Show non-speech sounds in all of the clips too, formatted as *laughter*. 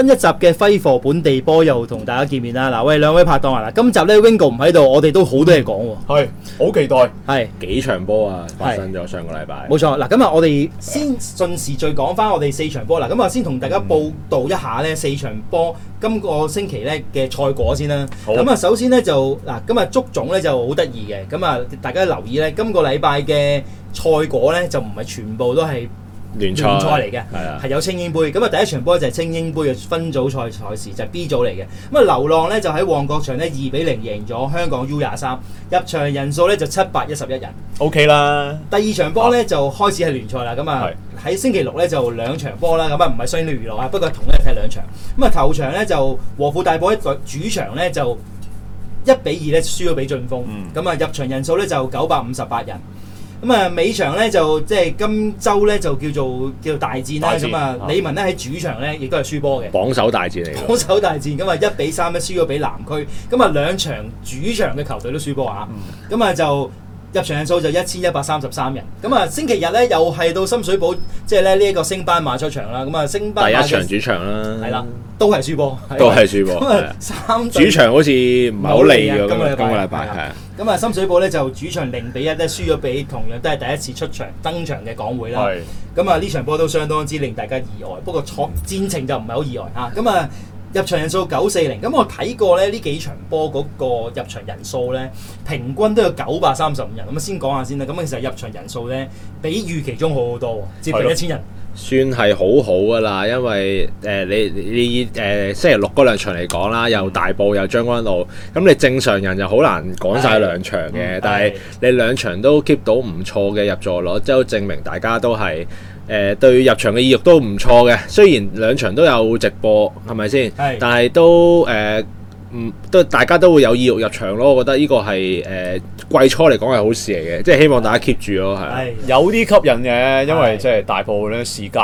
新一集嘅揮貨本地波又同大家見面啦！嗱，喂，兩位拍檔啊！嗱，今集咧，Wingo 唔喺度，我哋都好多嘢講喎。係，好期待。係幾場波啊？發生咗上個禮拜。冇錯，嗱，咁啊，我哋先順時序講翻我哋四場波啦。咁啊，先同大家報道一下咧，四場波今個星期咧嘅賽果先啦。咁啊好，首先咧就嗱，今日足總咧就好得意嘅，咁啊，大家留意咧，今個禮拜嘅賽果咧就唔係全部都係。聯賽嚟嘅係啊，係的有菁英杯，咁啊，第一場波就係菁英杯嘅分組賽賽事就係、是、B 組嚟嘅。咁啊流浪咧就喺旺角場咧二比零贏咗香港 U 廿三，入場人數咧就七百一十一人，OK 啦了。第二場波咧、啊、就開始係聯賽啦，咁啊喺星期六咧就兩場波啦，咁啊唔係雙料娛樂啊，不過同一踢兩場。咁啊頭場咧就和富大埔咧主場咧就一比二咧輸咗俾晉峰，咁啊、嗯、入場人數咧就九百五十八人。咁啊，尾、嗯、場咧就即係今週咧就叫做叫大戰啦，咁啊，李文咧喺主場咧亦都係輸波嘅，榜首大戰嚟嘅。榜首大戰，咁啊，一比三咧輸咗俾南區，咁啊兩場主場嘅球隊都輸波、嗯、啊，咁啊就。入場人數就一千一百三十三人，咁啊星期日咧又係到深水埗，即係咧呢一個升班馬出場啦，咁啊升班第一場主場啦，係啦都係輸波，都係輸波，三主場好似唔係好利啊，今個禮拜係咁啊，啊深水埗咧就主場零比一咧輸咗畀同樣都係第一次出場登場嘅港會啦，咁是啊呢場波都相當之令大家意外，不過創戰情就唔係好意外吓，咁啊。啊入場人數九四零，咁我睇過咧呢幾場波嗰個入場人數咧，平均都有九百三十五人。咁啊，我先講下先啦。咁其實入場人數咧，比預期中好好多，接近一千的人。算係好好噶啦，因為誒、呃、你你誒、呃、星期六嗰兩場嚟講啦，嗯、又大埔又將軍澳，咁你正常人又好難趕晒兩場嘅。但係你兩場都 keep 到唔錯嘅入座率，即係證明大家都係。誒、呃、對入場嘅意欲都唔錯嘅，雖然兩場都有直播，係咪先？是但係都誒，唔、呃、都大家都會有意欲入場咯。我覺得呢個係誒、呃、季初嚟講係好事嚟嘅，即係希望大家 keep 住咯，係。是有啲吸引嘅，因為即係大埔咧時隔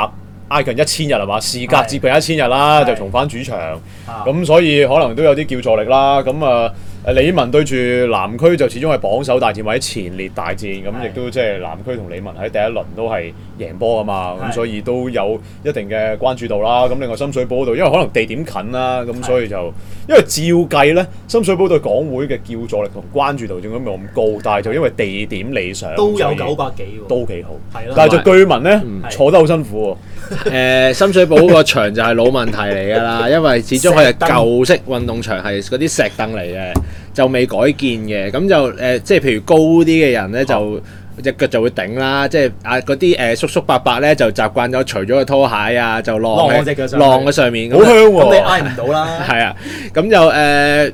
挨近一千日係嘛，時隔接近一千日啦，是就重返主場。咁是所以可能都有啲叫座力啦。咁啊、呃，李文對住南區就始終係榜首大戰或者前列大戰，咁亦都即係南區同李文喺第一輪都係。贏波啊嘛，咁所以都有一定嘅關注度啦。咁另外深水埗度，因為可能地點近啦，咁所以就因為照計咧，深水埗對港會嘅叫座力同關注度仲咁冇咁高，但係就因為地點理想，都有九百幾喎，都幾好。係啦的，但係就居民咧坐得好辛苦啊。誒、呃，深水埗嗰個場就係老問題嚟㗎啦，因為始終佢係舊式運動場，係嗰啲石凳嚟嘅，就未改建嘅。咁就誒，即、呃、係譬如高啲嘅人咧就。啊隻腳就會頂啦，即係啊嗰啲誒叔叔伯伯咧就習慣咗除咗個拖鞋啊，就晾喺晾喺上面，好香喎、啊，咁、嗯、你挨唔到啦。係 *laughs* 啊，咁就誒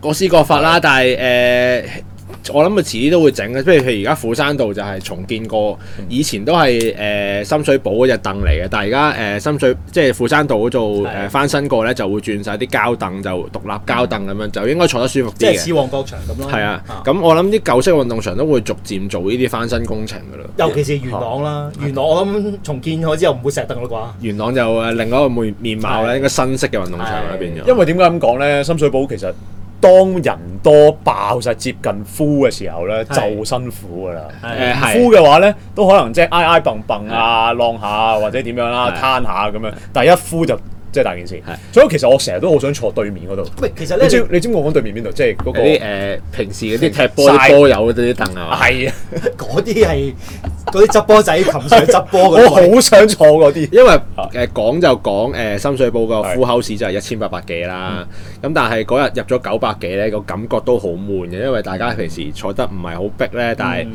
各施各法啦， *laughs* 但係誒。呃我諗佢遲啲都會整嘅，即係譬如而家斧山道就係重建過，以前都係誒、呃、深水埗嗰隻凳嚟嘅，但係而家誒深水即係斧山道嗰度誒翻新過咧，就會轉晒啲膠凳，就獨立膠凳咁樣，是的 就應該坐得舒服啲嘅。即係似旺角場咁咯。係的啊，咁我諗啲舊式運動場都會逐漸做呢啲翻新工程噶啦。尤其是元朗啦，啊、元朗是的 我諗重建咗之後唔會石凳啦啩。元朗就誒另外一個面面貌咧，應該新式嘅運動場入邊。是的 的因為點解咁講咧？深水埗其實。當人多爆曬接近 full 嘅時候咧，是就辛苦噶啦。full 嘅話咧，都可能即係挨挨掟掟啊，的浪下或者點樣啦，啊，攤的下咁樣。但係一 full 就～即係大件事，是所以其實我成日都好想坐對面嗰度。喂，其實咧，你知唔知我講對面邊度？即係嗰啲誒平時嗰啲踢波波曬友嗰啲凳啊。係啊，嗰啲係嗰啲執波仔擒上執波。 *laughs* 我好想坐嗰啲。因為誒、呃、講就講誒、呃、深水埗個 full house 就係一千八百幾啦。咁是、嗯、但係嗰日入咗九百幾咧，個感覺都好悶嘅，因為大家平時坐得唔係好逼咧。但係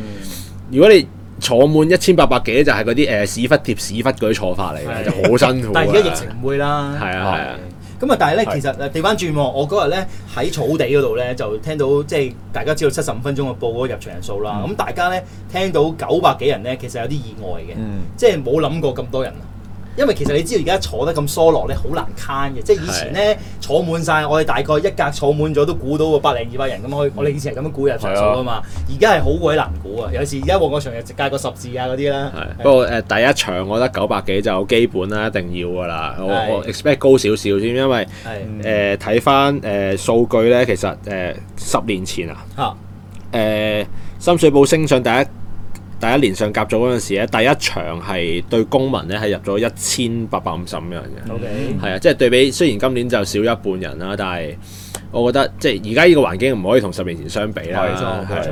如果你坐滿一千八百幾就係嗰啲誒屎忽貼屎忽嗰啲坐法嚟嘅，的就好辛苦。但係而家疫情唔會啦。係啊係啊。咁啊的，但係咧，的其實誒調翻轉喎，我嗰日咧喺草地嗰度咧，就聽到即係大家知道七十五分鐘嘅報告入場人數啦。咁、嗯嗯、大家咧聽到九百幾人咧，其實有啲意外嘅，嗯、即係冇諗過咁多人。因為其實你知道而家坐得咁疏落，你咧，好難慳嘅。即係以前咧是坐滿晒我哋大概一格坐滿咗都估到個，百零二百人咁去。我哋以前係咁樣估入場數啊嘛。而家係好鬼難估啊！有時而家旺角場就直接計個十字啊嗰啲啦。是是不過誒、呃、第一場，我覺得九百幾就基本啦，一定要噶啦是。我我 expect 高少少先，因為誒睇翻誒數據咧，其實誒、呃、十年前啊，誒、啊、深水埗升上第一。第一年上甲組嗰陣時咧，第一場係對公民咧係入咗一千八百五十五樣嘅，係啊，即係對比雖然今年就少一半人啦，但係我覺得即係而家呢個環境唔可以同十年前相比啦，係，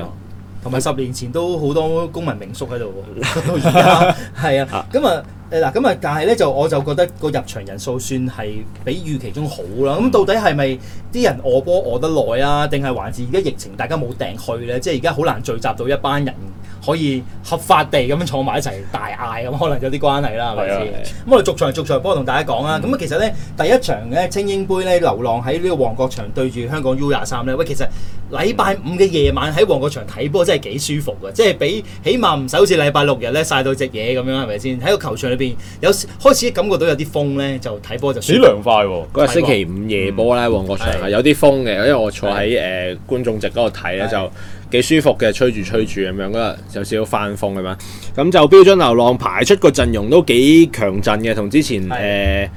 同埋十年前都好多公民名宿喺度，而家係啊，咁啊誒嗱，咁啊，但係咧就我就覺得個入場人數算係比預期中好啦。咁到底係咪啲人餓波餓得耐啊？定係還是而家疫情大家冇訂去咧？即係而家好難聚集到一班人。可以合法地咁樣坐埋一齊大嗌咁，可能有啲關係啦，係咪先？咁 *noise* *noise* 我續逐場續逐場，幫我同大家講啦。咁啊、嗯，其實咧第一場咧青英杯咧，流浪喺呢個旺角場對住香港 U 廿三咧。喂，其實禮拜五嘅夜晚喺旺角場睇波真係幾舒服嘅，即、就、係、是、比起碼唔使好似禮拜六日咧晒到隻嘢咁樣，係咪先？喺個球場裏邊有開始感覺到有啲風咧，就睇波就幾涼快喎。嗰日星期五夜波咧，旺角球場係有啲風嘅，因為我坐喺誒觀眾席嗰度睇咧就，.幾舒服嘅，吹住吹住咁樣，日就少少翻風係嘛。咁就標準流浪排出個陣容都幾強陣嘅，同之前誒的、呃、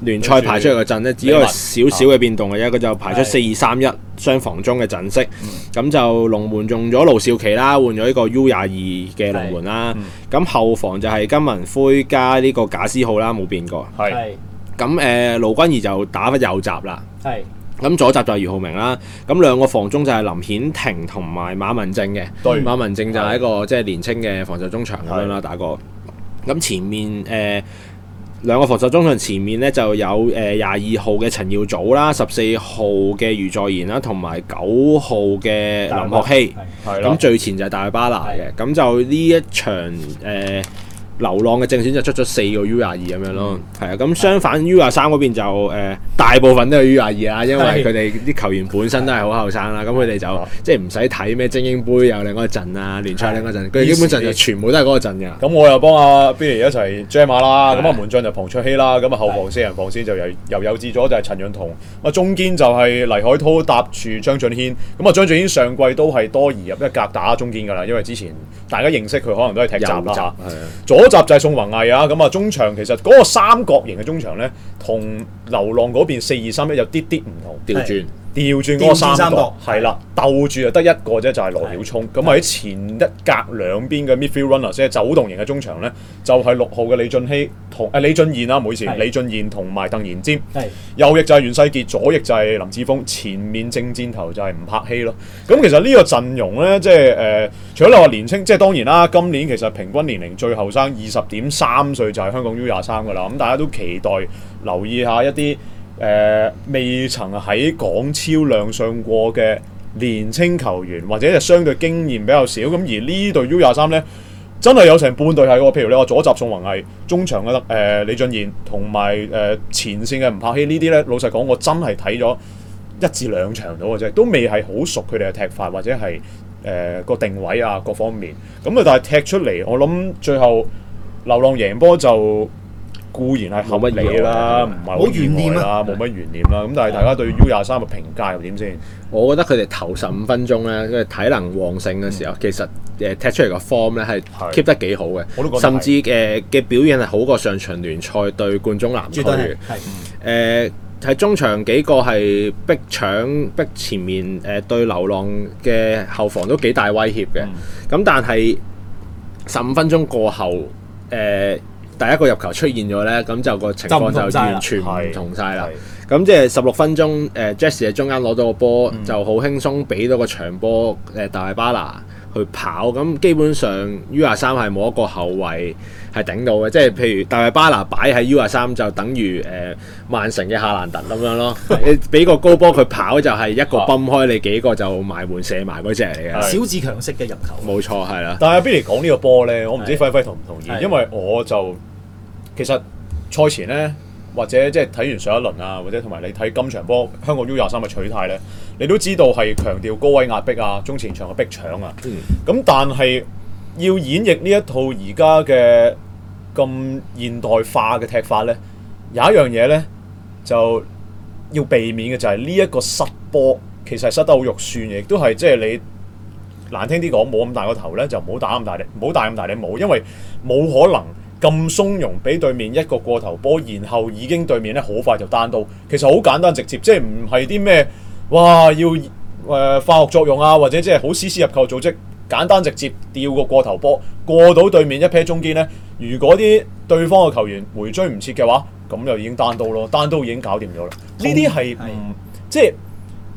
聯賽排出嚟嘅陣呢，文只不過係少少嘅變動嘅啫。佢就的排出四二三一雙防中嘅陣式，咁的就龍門用咗盧少奇啦，換咗呢個 U 廿二嘅龍門啦。咁後防就係金文輝加呢個賈思浩啦，冇變過。係的。咁誒、呃，盧君怡就打翻右閘啦。係的。咁左閘就係俞浩明啦，咁兩個防中就係林顯庭同埋馬文正嘅，對馬文正就係一個即係年青嘅防守中場咁樣啦，對打過。咁前面誒兩、呃、個防守中場前面呢就有誒廿二號嘅陳耀祖啦，十四號嘅余再賢啦，同埋九號嘅林學熙，咁對最前就係大巴拿嘅，咁對就呢一場誒。呃流浪嘅正選就出咗四個 U 廿二咁樣咯，係啊，咁相反 U 廿三嗰邊就誒大部分都係 U 廿二啊，因為佢哋啲球員本身都係好後生啦，咁佢哋就即係唔使睇咩精英杯又另外陣啊聯賽另外陣，佢基本陣就全部都係嗰個陣嘅。咁我又幫阿 Billy 一齊 jam 馬啦，咁啊門將就彭卓希啦，咁啊後防四人防線就由由右至左就係陳潤彤，咁啊中堅就係黎海濤搭住張俊軒，咁啊張俊軒上季都係多移入一格打中堅噶啦，因為之前大家認識佢可能都係踢閘啦，左，嗰集就係宋宏毅啊，咁啊中場其實嗰個三角形嘅中場呢，同流浪嗰邊四二三一有啲啲唔同，調轉。調轉嗰個三三角，係啦，了對鬥住就得一個啫，就係、是、羅曉聰。咁喺對前一格兩邊嘅 midfield runner，即係走動型嘅中場咧，就係、是、六號嘅李俊熙同誒、啊、李俊賢啦，唔好意思，對李俊賢同埋鄧延尖。對右翼就係袁世傑，左翼就係林志峰，前面正箭頭就係吳柏希咯。咁對其實呢個陣容咧，即係誒，除咗你話年青，即、就、係、是、當然啦。今年其實平均年齡最後生，二十點三歲就係香港 U 廿三噶啦。咁大家都期待留意一下一啲。誒、呃、未曾喺港超亮相過嘅年青球員，或者係相對經驗比較少。咁而呢隊 U 廿三咧，真係有成半隊係喎。譬如你話左閘宋宏毅、中場嘅誒、呃、李俊賢，同埋誒前線嘅吳柏希呢啲咧，老實講，我真係睇咗一至兩場到嘅啫，都未係好熟佢哋嘅踢法或者係誒、呃、個定位啊各方面。咁啊，但係踢出嚟，我諗最後流浪贏波就。固然係冇乜嘢啦，唔係好懸念啦，冇乜懸念啦。咁的但係大家對 U 廿三嘅評價又點先？我覺得佢哋頭十五分鐘咧，即係、嗯、體能旺盛嘅時候，嗯、其實誒踢出嚟嘅 form 咧係 keep 得幾好嘅，的甚至誒嘅、呃、表現係好過上場聯賽對冠忠南區。係誒喺中場幾個係逼搶逼前面誒、呃、對流浪嘅後防都幾大威脅嘅。咁、嗯嗯、但係十五分鐘過後誒。呃第一個入球出現咗呢，咁就個情況就完全唔同晒啦。咁即係十六分鐘，誒、呃、Jesse 喺中間攞到個波，嗯、就好輕鬆俾到個長波誒、呃、大巴拿去跑。咁基本上 U 二三係冇一個後衞。係頂到嘅，即係譬如大衛巴拿擺喺 U 廿三就等於誒、呃、曼城嘅夏蘭特咁樣咯。 *laughs* 你俾個高波佢跑就係一個崩開、啊、你幾個就埋門射埋嗰隻嚟嘅。小智強式嘅入球，冇錯係啦。但係 Billy 講呢個波咧，我唔知費費同唔同意，的因為我就其實賽前咧，或者即係睇完上一輪啊，或者同埋你睇今場波香港 U 廿三嘅取替咧，你都知道係強調高位壓迫啊、中前場嘅逼搶啊。嗯。咁但係。但要演繹呢一套而家嘅咁現代化嘅踢法咧，有一樣嘢咧，就要避免嘅就係呢一個失波，其實係失得好肉酸嘅，亦都係即係你難聽啲講冇咁大個頭咧，就唔好打咁大力，唔好打咁大力冇，因為冇可能咁鬆容俾對面一個過頭波，然後已經對面咧好快就單刀，其實好簡單直接，即係唔係啲咩哇要誒、呃、化學作用啊，或者即係好絲絲入扣組織。簡單直接吊個過，過頭波過到對面一撇中堅咧，如果啲對方嘅球員回追唔切嘅話，咁就已經單刀咯，單刀已經搞掂咗啦。呢啲係唔即係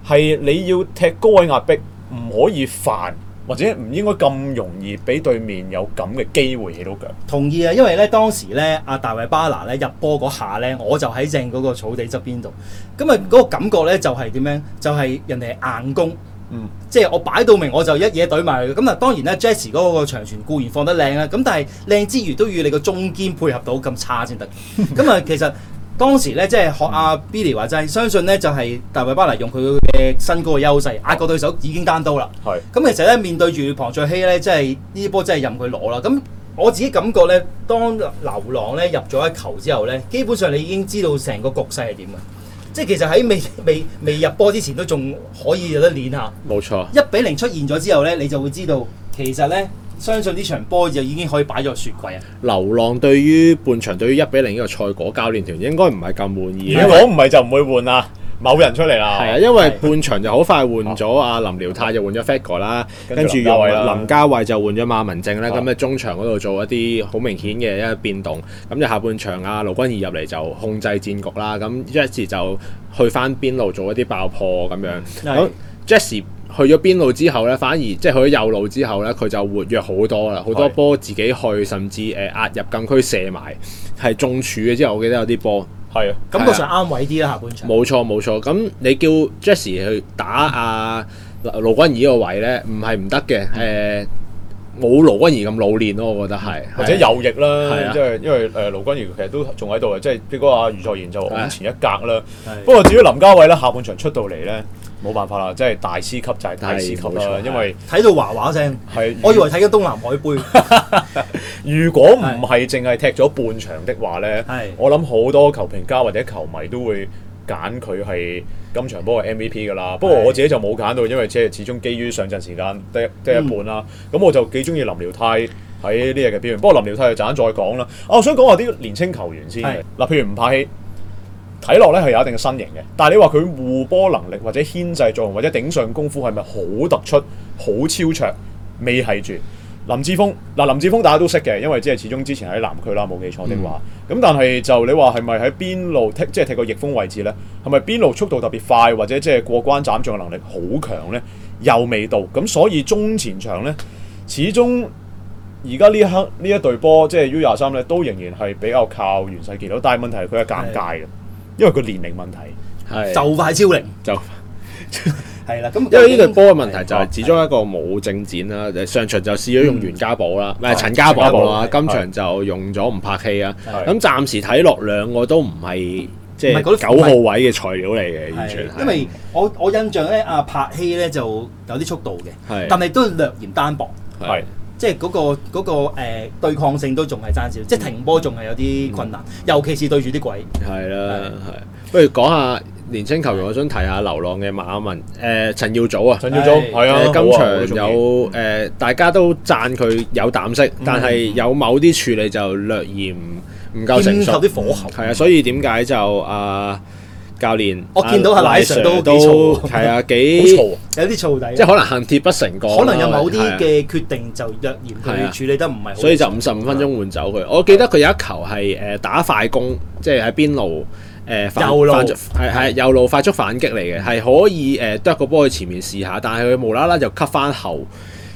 係你要踢高位壓迫，唔可以犯或者唔應該咁容易俾對面有咁嘅機會起到腳。同意啊，因為咧當時咧阿、啊、大衛巴拿咧入波嗰下咧，我就喺正嗰個草地側邊度，咁啊嗰個感覺咧就係、是、點樣？就係、是、人哋硬功。嗯，即係我擺到明，我就一嘢懟埋佢。咁啊，當然咧，Jacky 嗰個長傳固然放得靚啦，咁但係靚之餘，都要你個中堅配合到咁差先得。咁啊，其實當時咧，即係學阿、啊、Billy 話齋，相信咧就係、是、大衛巴黎用佢嘅身高嘅優勢壓過對手，已經單刀啦。係咁是，其實咧面對住龐卓希咧，即係呢波真係任佢攞啦。咁我自己感覺咧，當流浪咧入咗一球之後咧，基本上你已經知道成個局勢係點嘅。即係其實喺未未未入波之前都仲可以有得練下，冇錯。一比零出現咗之後呢，你就會知道其實呢，相信呢場波就已經可以擺咗雪櫃啊。流浪對於半場對於一比零呢個賽果，教練團應該唔係咁滿意。如果唔係就唔會換啦。某人出嚟啦，係啊，因為半場就好快換咗阿林遼泰、哦、就換咗 Faker 啦，跟住林家衛就換咗馬文正咧，咁嘅、哦、中場嗰度做一啲好明顯嘅一個變動，咁、嗯、就下半場啊盧君儀入嚟就控制戰局啦，咁、嗯嗯、Jess 就去翻邊路做一啲爆破咁樣，咁 Jess 去咗邊路之後咧，反而即係、就是、去咗右路之後咧，佢就活躍好多啦，好、嗯、多波自己去，嗯、甚至誒、呃、壓入禁區射埋係中柱嘅，之後我記得有啲波。係啊，感覺上啱位啲啦下半場。冇錯冇錯，咁你叫 Jesse 去打阿、啊、盧君爾個位咧，唔係唔得嘅誒。嗯呃冇盧均宜咁老練咯，我覺得係，或者右翼啦，即係、啊、因為誒盧均宜其實都仲喺度嘅，即係結果阿余卓賢就往前一格啦。啊、不過至於林家偉咧，下半場出到嚟咧，冇辦法啦，即、就、係、是、大師級就係大師級啦，因為睇到是嘩嘩聲，我以為睇咗東南海杯。 *laughs* 如果唔係淨係踢咗半場的話咧，是我諗好多球評家或者球迷都會揀佢係。今場波係 MVP 㗎啦，不過我自己就冇揀到，因為即係始終基於上陣時間得得一半啦。咁、嗯、我就幾中意林遼泰喺呢日嘅表現，不過林遼泰就陣間再講啦。啊，我想講下啲年青球員先。嗱是，譬如吳柏希，睇落咧係有一定嘅身形嘅，但係你話佢護波能力或者牽制作用或者頂上功夫係咪好突出、好超卓？未係住。林志峰嗱，林志峰大家都識嘅，因為即係始終之前喺南區啦，冇記錯的話，咁、嗯、但係就你話係咪喺邊路踢，即係踢個逆風位置咧？係咪邊路速度特別快，或者即係過關斬將嘅能力好強咧？又未到。咁所以中前場咧，始終而家呢一刻呢一隊波即係 U 廿三咧，都仍然係比較靠袁世傑咯。但係問題係佢係尷尬嘅，的因為佢年齡問題，的就快超齡就快。 *laughs* 係啦，因為呢對波嘅問題就係始終一個冇正戰啦。上場就試咗用袁家寶啦，唔係陳家寶啊，今場就用咗吳柏希啊。咁暫時睇落兩個都唔係即係九號位嘅材料嚟嘅，完全。因為我我印象咧，阿柏希咧就有啲速度嘅，但係都略嫌單薄，即係嗰個嗰個對抗性都仲係爭少，即係停波仲係有啲困難，尤其是對住啲鬼。係啦，係不如講下。年青球員，我想提下流浪嘅馬文，誒陳耀祖啊，陳耀祖係啊，今場有誒，大家都讚佢有膽識，但係有某啲處理就略嫌唔夠成熟，啲火候係啊，所以點解就啊，教練，我見到係喺上都係啊，幾有啲燥底，即係可能恨鐵不成鋼，可能有某啲嘅決定就略嫌佢處理得唔係好，所以就五十五分鐘換走佢。我記得佢有一球係誒打快攻，即係喺邊路。誒，右路係，係右路快速反擊嚟嘅，係可以誒 d r 個波去前面試下，但係佢無啦啦就吸 u t 翻後。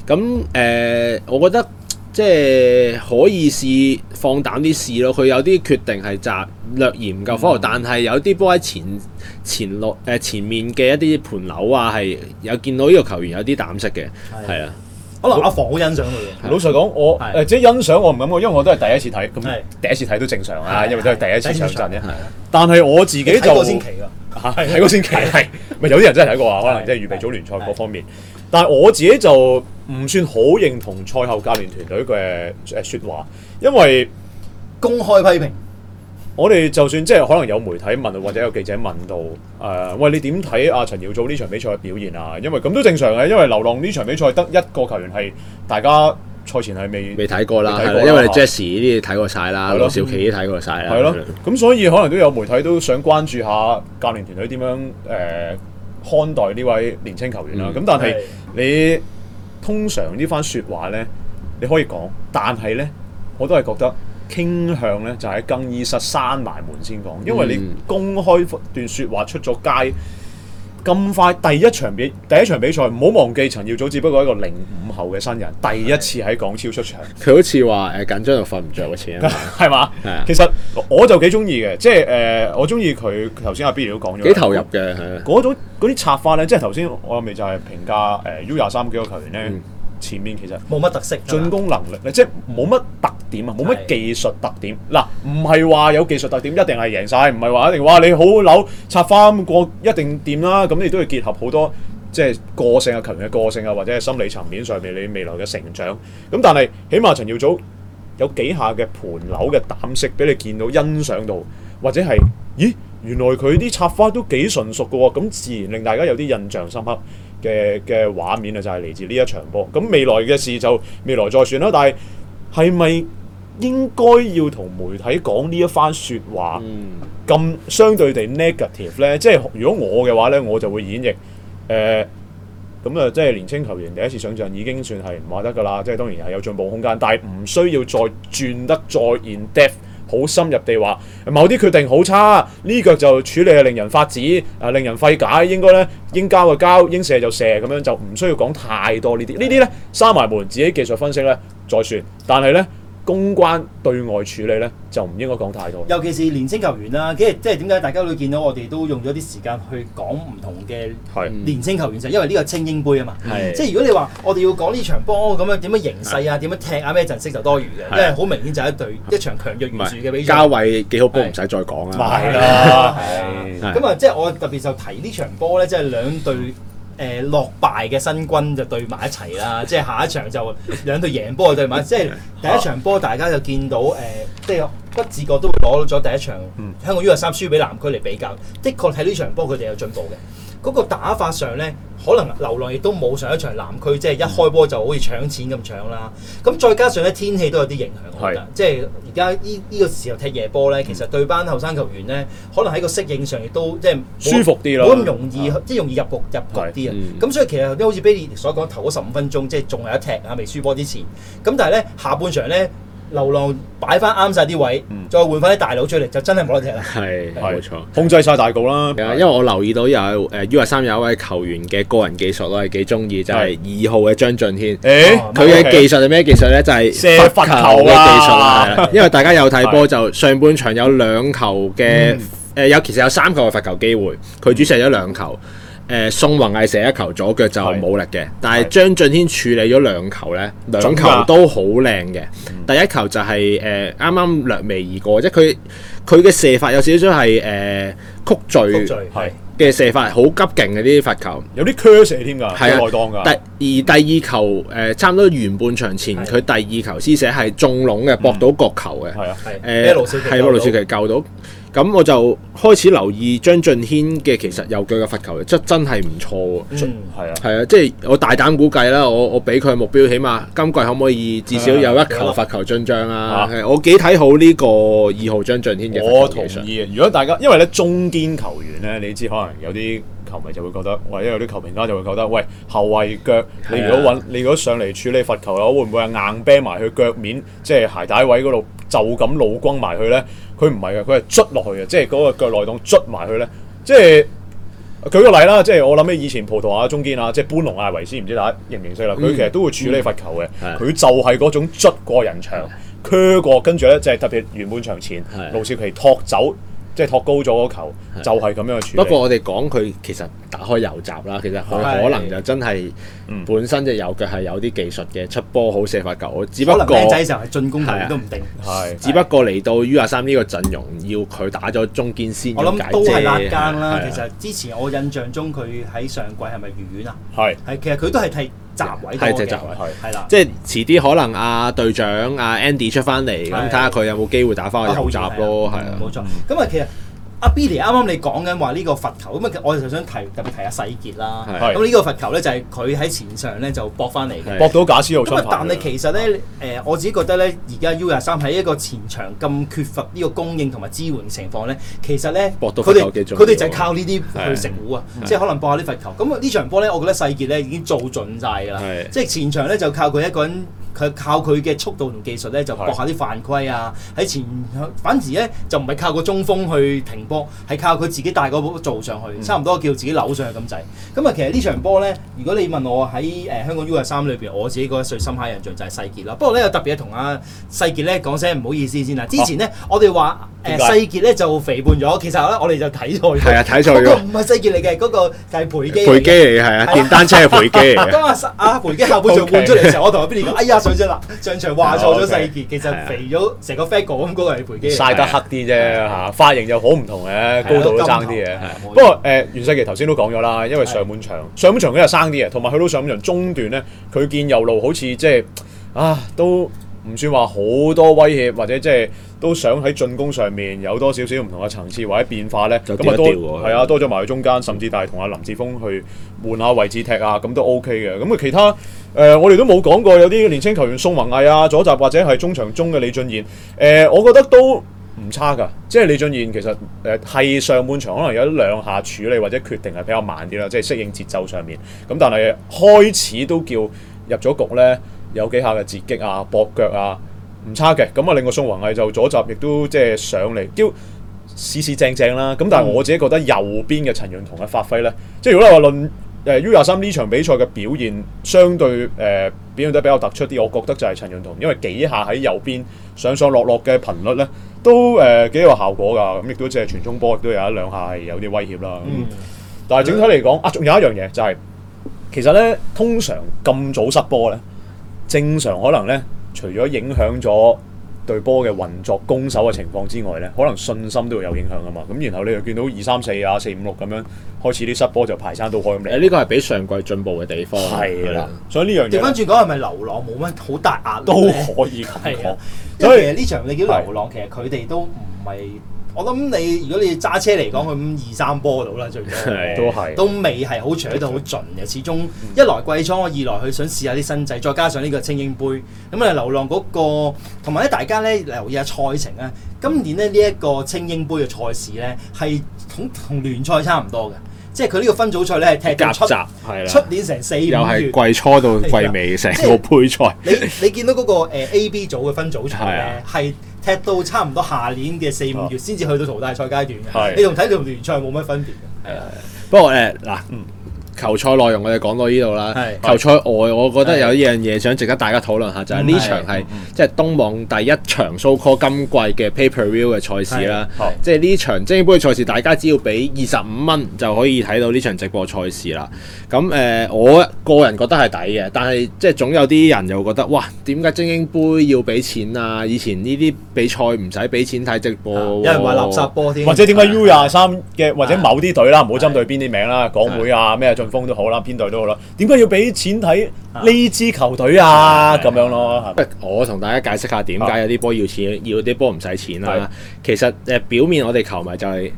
咁誒、呃，我覺得即係可以試放膽啲試咯。佢有啲決定係雜，略嫌唔夠火候，嗯、但係有啲波喺前前路誒、呃、前面嘅一啲盤樓啊，係有見到呢個球員有啲膽色嘅，係啊、嗯。的可能阿房好欣賞佢，老實講，我誒即係欣賞我唔敢講，因為我都係第一次睇，咁第一次睇都正常啊，因為都係第一次上陣啫。但係我自己就睇過先奇㗎，係過先奇係。咪有啲人真係睇過啊，可能即係預備組聯賽各方面。但係我自己就唔算好認同賽後教練團隊嘅誒説話，因為公開批評。我哋就算即係可能有媒體問或者有記者問到，誒、呃，喂，你點睇阿陳耀祖呢場比賽嘅表現啊？因為咁都正常嘅，因為流浪呢場比賽得一個球員係大家賽前係未未睇過啦，過啦因為 Jesse 呢啲睇過晒啦，的小琪呢睇過晒啦，係咯。咁所以可能都有媒體都想關注下教練團隊點樣誒看待呢位年青球員啦。咁但係你通常呢番説話咧，你可以講，但係咧，我都係覺得。傾向咧就喺、是、更衣室閂埋門先講，因為你公開段說話出咗街咁、嗯、快，第一場比第一場比賽，唔好忘記陳耀祖只不過一個零五後嘅新人，的第一次喺港超出場。佢好似話誒緊張到瞓唔着嘅前，係嘛 *laughs* 吧？的其實我就幾中意嘅，即係誒、呃，我中意佢頭先阿 b i l l 都講咗幾投入嘅,係嗰種嗰啲策劃咧，即係頭先我咪就係評價誒、呃、U 廿三幾個球員咧，前面其實冇乜特色，的進攻能力咧即係冇乜點啊？冇乜技術特點嗱，唔係話有技術特點一定係贏晒，唔係話一定話你好樓拆花咁過一定掂啦。咁你都要結合好多即係個性啊、球員嘅個性啊，或者係心理層面上面你未來嘅成長。咁但係起碼陳耀祖有幾下嘅盤樓嘅膽色俾你見到欣賞到，或者係咦原來佢啲拆花都幾純熟㗎喎，咁自然令大家有啲印象深刻嘅嘅畫面啊，就係嚟自呢一場波。咁未來嘅事就未來再算啦。但係，係咪？應該要同媒體講呢一番説話咁、嗯、相對地 negative 呢。即係如果我嘅話呢，我就會演繹誒咁啊。即、呃、係年青球員第一次上陣已經算係唔話得噶啦，即係當然係有進步空間，但係唔需要再轉得再 in depth，好深入地話某啲決定好差，呢腳就處理係令人髮指，誒令人費解。應該呢，應交嘅交，應射就射，咁樣就唔需要講太多呢啲。呢啲呢，閂埋門，自己技術分析呢，再算。但係呢。公關對外處理咧，就唔應該講太多。尤其是年青球員啦，即係即係點解大家會見到我哋都用咗啲時間去講唔同嘅年青球員？就因為呢個菁英杯啊嘛。即係如果你話我哋要講呢場波咁樣點樣形勢啊，點樣踢啊，咩陣式就多餘嘅，因為好明顯就係一隊一場強弱唔住強弱懸殊嘅比賽。嘉偉幾好波，唔使再講啦。咁啊，即係我特別就提呢場波咧，即係兩隊。誒、呃、落敗嘅新軍就對埋一齊啦，即係下一場就兩隊贏波對埋， *laughs* 即係第一場波大家就見到誒，即、呃、係不自覺都會攞咗第一場。香港 U 廿三輸俾南區嚟比較，的確喺呢場波佢哋有進步嘅。嗰個打法上咧，可能流浪亦都冇上一場南區，即係一開波就好似搶錢咁搶啦。咁再加上咧，天氣都有啲影響，是即係而家呢依個時候踢夜波咧，嗯、其實對班後生球員咧，可能喺個適應上亦都即係舒服啲咯，好咁容易是即係容易入局入局啲啊。咁、嗯、所以其實啲好似比利所講，頭嗰十五分鐘即係仲有一踢啊，未輸波之前。咁但係咧下半場咧。流浪擺翻啱晒啲位，再換翻啲大佬出嚟，就真係冇得踢啦。係，冇錯，控制曬大局啦。因為我留意到又誒 U 二三有一位球員嘅個人技術，我係幾中意，就係二號嘅張俊軒。誒，佢嘅技術係咩技術呢？就係射罰球嘅技術啦。因為大家有睇波，就上半場有兩球嘅誒，有其實有三個罰球機會，佢主射咗兩球。誒、呃、宋宏毅射一球左腳就冇力嘅。是但係張俊軒處理咗兩球咧，兩球都好靚嘅。的第一球就係誒啱啱略微而過，即係佢佢嘅射法有少少係誒曲序嘅射法好急勁嘅啲發球，有啲曲折添㗎，啊、內檔㗎。第而第二球誒、呃，差唔多完半場前，佢、啊、第二球施射係中籠嘅，博、嗯、到角球嘅。係啊，誒、嗯，係啊、呃，盧士傑救到。咁我就開始留意張俊軒嘅其實右腳嘅罰球質真係唔錯喎，嗯，啊，係啊，即係我大膽估計啦，我我俾佢嘅目標，起碼今季可唔可以至少有一球罰球進帳啦？係，我幾睇好呢個二號張俊軒嘅。我同意啊！如果大家因為咧中堅球員咧，你知可能有啲球迷就會覺得，或者有啲球評家就會覺得，喂後衞腳你如果揾，啊，你如果上嚟處理罰球，有冇會唔會硬啤埋佢腳面，即係鞋帶位嗰度就咁老轟埋佢咧？佢唔係啊，佢係捽落去嘅，即係嗰個腳內檔捽埋佢咧。即係舉個例啦，即係我諗起以前葡萄牙中堅啊，即係搬龍亞維斯，唔知大家認唔認識啦。佢其實都會處理罰球嘅，佢、嗯嗯、就係嗰種捽過人牆 squeeze 過，跟住咧即係特別原本場前盧的少奇托走，即係托高咗個球，的就係咁樣嘅處理。不過我哋講佢其實打開油閘啦，其實可能就真係。本身就有嘅，係有啲技術嘅，出波好射發球，只不過。可能釘仔時候係進攻型都唔定。係。只不過嚟到 U 廿三呢個陣容，要佢打咗中堅先。我諗都係拉更啦。其實之前我印象中佢喺上季係咪遠遠啊？係。係其實佢都係替閘位嘅。係替閘位。係啦。即係遲啲可能阿隊長阿 Andy 出翻嚟咁，睇下佢有冇機會打翻去後閘咯。係啊。冇錯。咁啊，其實。阿 Billy 啱啱你講緊話呢個罰球，咁啊我哋就想提特別提下細傑啦。咁是呢個罰球咧就係佢喺前場咧就博翻嚟嘅，博是到假，但係其實咧，誒、呃、我自己覺得咧，而家 U 廿三喺一個前場咁缺乏呢個供應同埋支援嘅情況咧，其實咧，佢哋佢哋就係靠呢啲去食糊啊，是是即係可能博下呢罰球。咁啊的呢場波咧，我覺得細傑咧已經做盡曬㗎啦，即係前場咧就靠佢一個人。佢靠佢嘅速度同技術咧，就搏下啲犯規啊！喺是的 前，反而咧就唔係靠個中鋒去停波，係靠佢自己帶個步做上去，差唔多叫自己扭上去咁滯。咁啊，其實場呢場波咧，如果你問我喺誒、呃、香港 U 廿三裏邊，我自己嗰個最深刻印象就係細傑啦。不過咧，又特別同阿細傑咧講聲唔好意思先啦。之前咧，啊、我哋話誒細傑咧就肥胖咗，其實咧我哋就睇錯咗。係啊，睇錯咗。嗰、嗰個唔係細傑嚟嘅，嗰個係培基。培基嚟嘅係啊，電單車嘅培基咁嘅。啊啊培基後半場換出嚟嘅時候， *laughs* okay 我同阿 Billy 講：哎呀！上場啦！上場話錯咗世傑，其實肥咗成個 Fagol 咁高，嚟陪機，曬得黑啲啫嚇，髮型又好唔同嘅，高度都爭啲嘅。不過誒，袁世傑頭先都講咗啦，因為上半場上半場佢又生啲嘅，同埋去到上半場中段咧，佢見右路好似即係啊都。唔算話好多威脅，或者即係都想喺進攻上面有多少少唔同嘅層次或者變化呢？咁啊多啊多咗埋喺中間，甚至係同阿林志峰去換下位置踢啊，咁都 OK 嘅。咁啊其他誒、呃，我哋都冇講過有啲年輕球員，宋宏毅啊、左閘或者係中場中嘅李俊賢誒，我覺得都唔差㗎。即係李俊賢其實誒係、呃、上半場可能有兩下處理或者決定係比較慢啲啦，即係適應節奏上面。咁但係開始都叫入咗局呢。有幾下嘅截擊啊，搏腳啊，唔差嘅。咁啊，另外宋宏毅就左閘亦都即係上嚟，叫試試正正啦。咁、嗯、但係我自己覺得右邊嘅陳潤彤嘅發揮咧，即係如果我話論誒、呃、U 廿三呢場比賽嘅表現，相對誒、呃、表現得比較突出啲，我覺得就係陳潤彤，因為幾下喺右邊上上落落嘅頻率咧，都誒、呃、幾有效果㗎。咁亦都即係傳中波亦都有一兩下係有啲威脅啦。嗯、但係整體嚟講、嗯、啊，仲有一樣嘢就係、是、其實咧，通常咁早失波咧。呢呢正常可能咧，除咗影響咗對波嘅運作、攻守嘅情況之外咧，可能信心都會有影響㗎嘛。咁然後你又見到二三四啊、四五六咁樣開始啲失波就排山倒海咁你誒，呢個係比上季進步嘅地方。係啦的，了所以呢樣嘢掉翻轉講係咪流浪冇乜好大壓力都可以咁講。 *laughs* 的的所以其實呢場你叫流浪，的其實佢哋都唔係。我諗你如果你揸車嚟講，佢五二三波到啦，最多都係是都未係好坐喺度好盡嘅，始終一來季初，二來佢想試下啲新制，再加上呢個青英杯，咁啊流浪嗰、那個，同埋咧大家咧留意下賽程啊。今年咧呢一、這個青英杯嘅賽事咧係同同聯賽差唔多嘅，即係佢呢個分組賽咧踢集係啦，出年成四五月又係季初到季尾成個杯賽。 *laughs* 你你見到嗰個誒 A B 組嘅分組賽咧係。 *laughs* 踢到差唔多下年嘅四五月先至去到淘汰賽階段嘅，係呀。你同睇同聯賽冇乜分別嘅。不過誒嗱、呃，嗯。球賽內容我哋講到呢度啦。是球賽外，我覺得有一樣嘢想值得大家討論下，嗯、就係呢場係、嗯、即係東網第一場 so call 今季嘅 Pay-Per-View 嘅賽事啦。即係呢場精英杯嘅賽事，大家只要俾二十五蚊就可以睇到呢場直播賽事啦。咁誒、呃，我個人覺得係抵嘅，但係即係總有啲人又覺得哇，點解精英杯要俾錢啊？以前呢啲比賽唔使俾錢睇直播、啊，因為買垃圾波添。或者點解 U 廿三嘅或者某啲隊啦，唔好是是針對邊啲名啦，港會啊咩是方都好啦，邊隊都好啦。點解要俾錢睇呢支球隊啊？咁的樣咯，的的我同大家解釋下點解有啲波要錢，的要啲波唔使錢啦、啊。的其實誒表面我哋球迷就係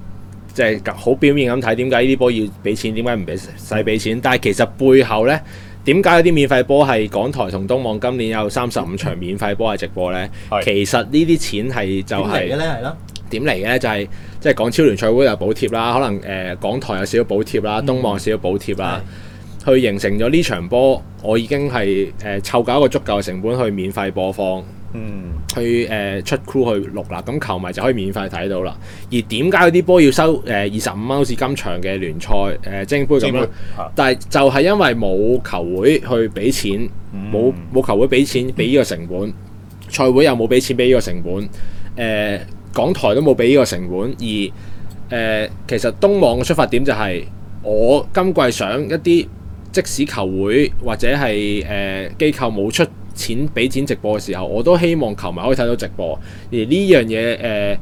即係好表面咁睇，點解呢啲波要俾錢？點解唔俾使俾錢？的但係其實背後呢，點解有啲免費波係港台同東網今年有三十五場免費波係直播呢？的其實、就是、呢啲錢係就係點嚟嘅？就係、是、即係港超聯賽會有補貼啦，可能誒、呃、港台有少少補貼啦，嗯、東網少少補貼啦，嗯、去形成咗呢場波，我已經係誒、呃、湊夠一個足夠嘅成本去免費播放，嗯、去誒、呃、出 crew 去錄啦，咁球迷就可以免費睇到啦。而點解嗰啲波要收誒二十五蚊好似今場嘅聯賽誒精英盃咁樣？嗯、但係就係因為冇球會去俾錢，冇冇、嗯嗯、球會俾錢俾呢個成本，賽會又冇俾錢俾呢個成本，誒、呃。呃港台都冇俾呢個成本，而誒、呃、其實東網嘅出發點就係、是、我今季想一啲，即使球會或者係誒、呃、機構冇出錢俾錢直播嘅時候，我都希望球迷可以睇到直播。而呢樣嘢誒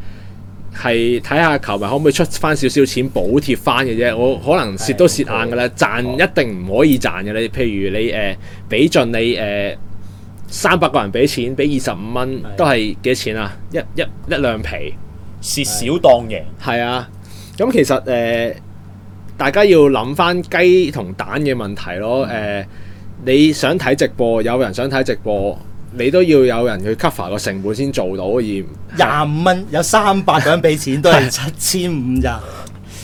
係睇下球迷可唔可以出翻少少錢補貼翻嘅啫。我可能蝕都蝕硬㗎啦，嗯、賺一定唔可以賺嘅。你譬如你誒俾、呃、盡你誒。呃三百個人俾錢俾二十五蚊，係啊，都係幾多錢啊？一一一兩皮蝕少當贏。係啊！咁其實誒、呃，大家要諗翻雞同蛋嘅問題咯。誒、呃，你想睇直播，有人想睇直播，你都要有人去 cover 個成本先做到。而廿五蚊有三百個人俾錢，都係七千五咋？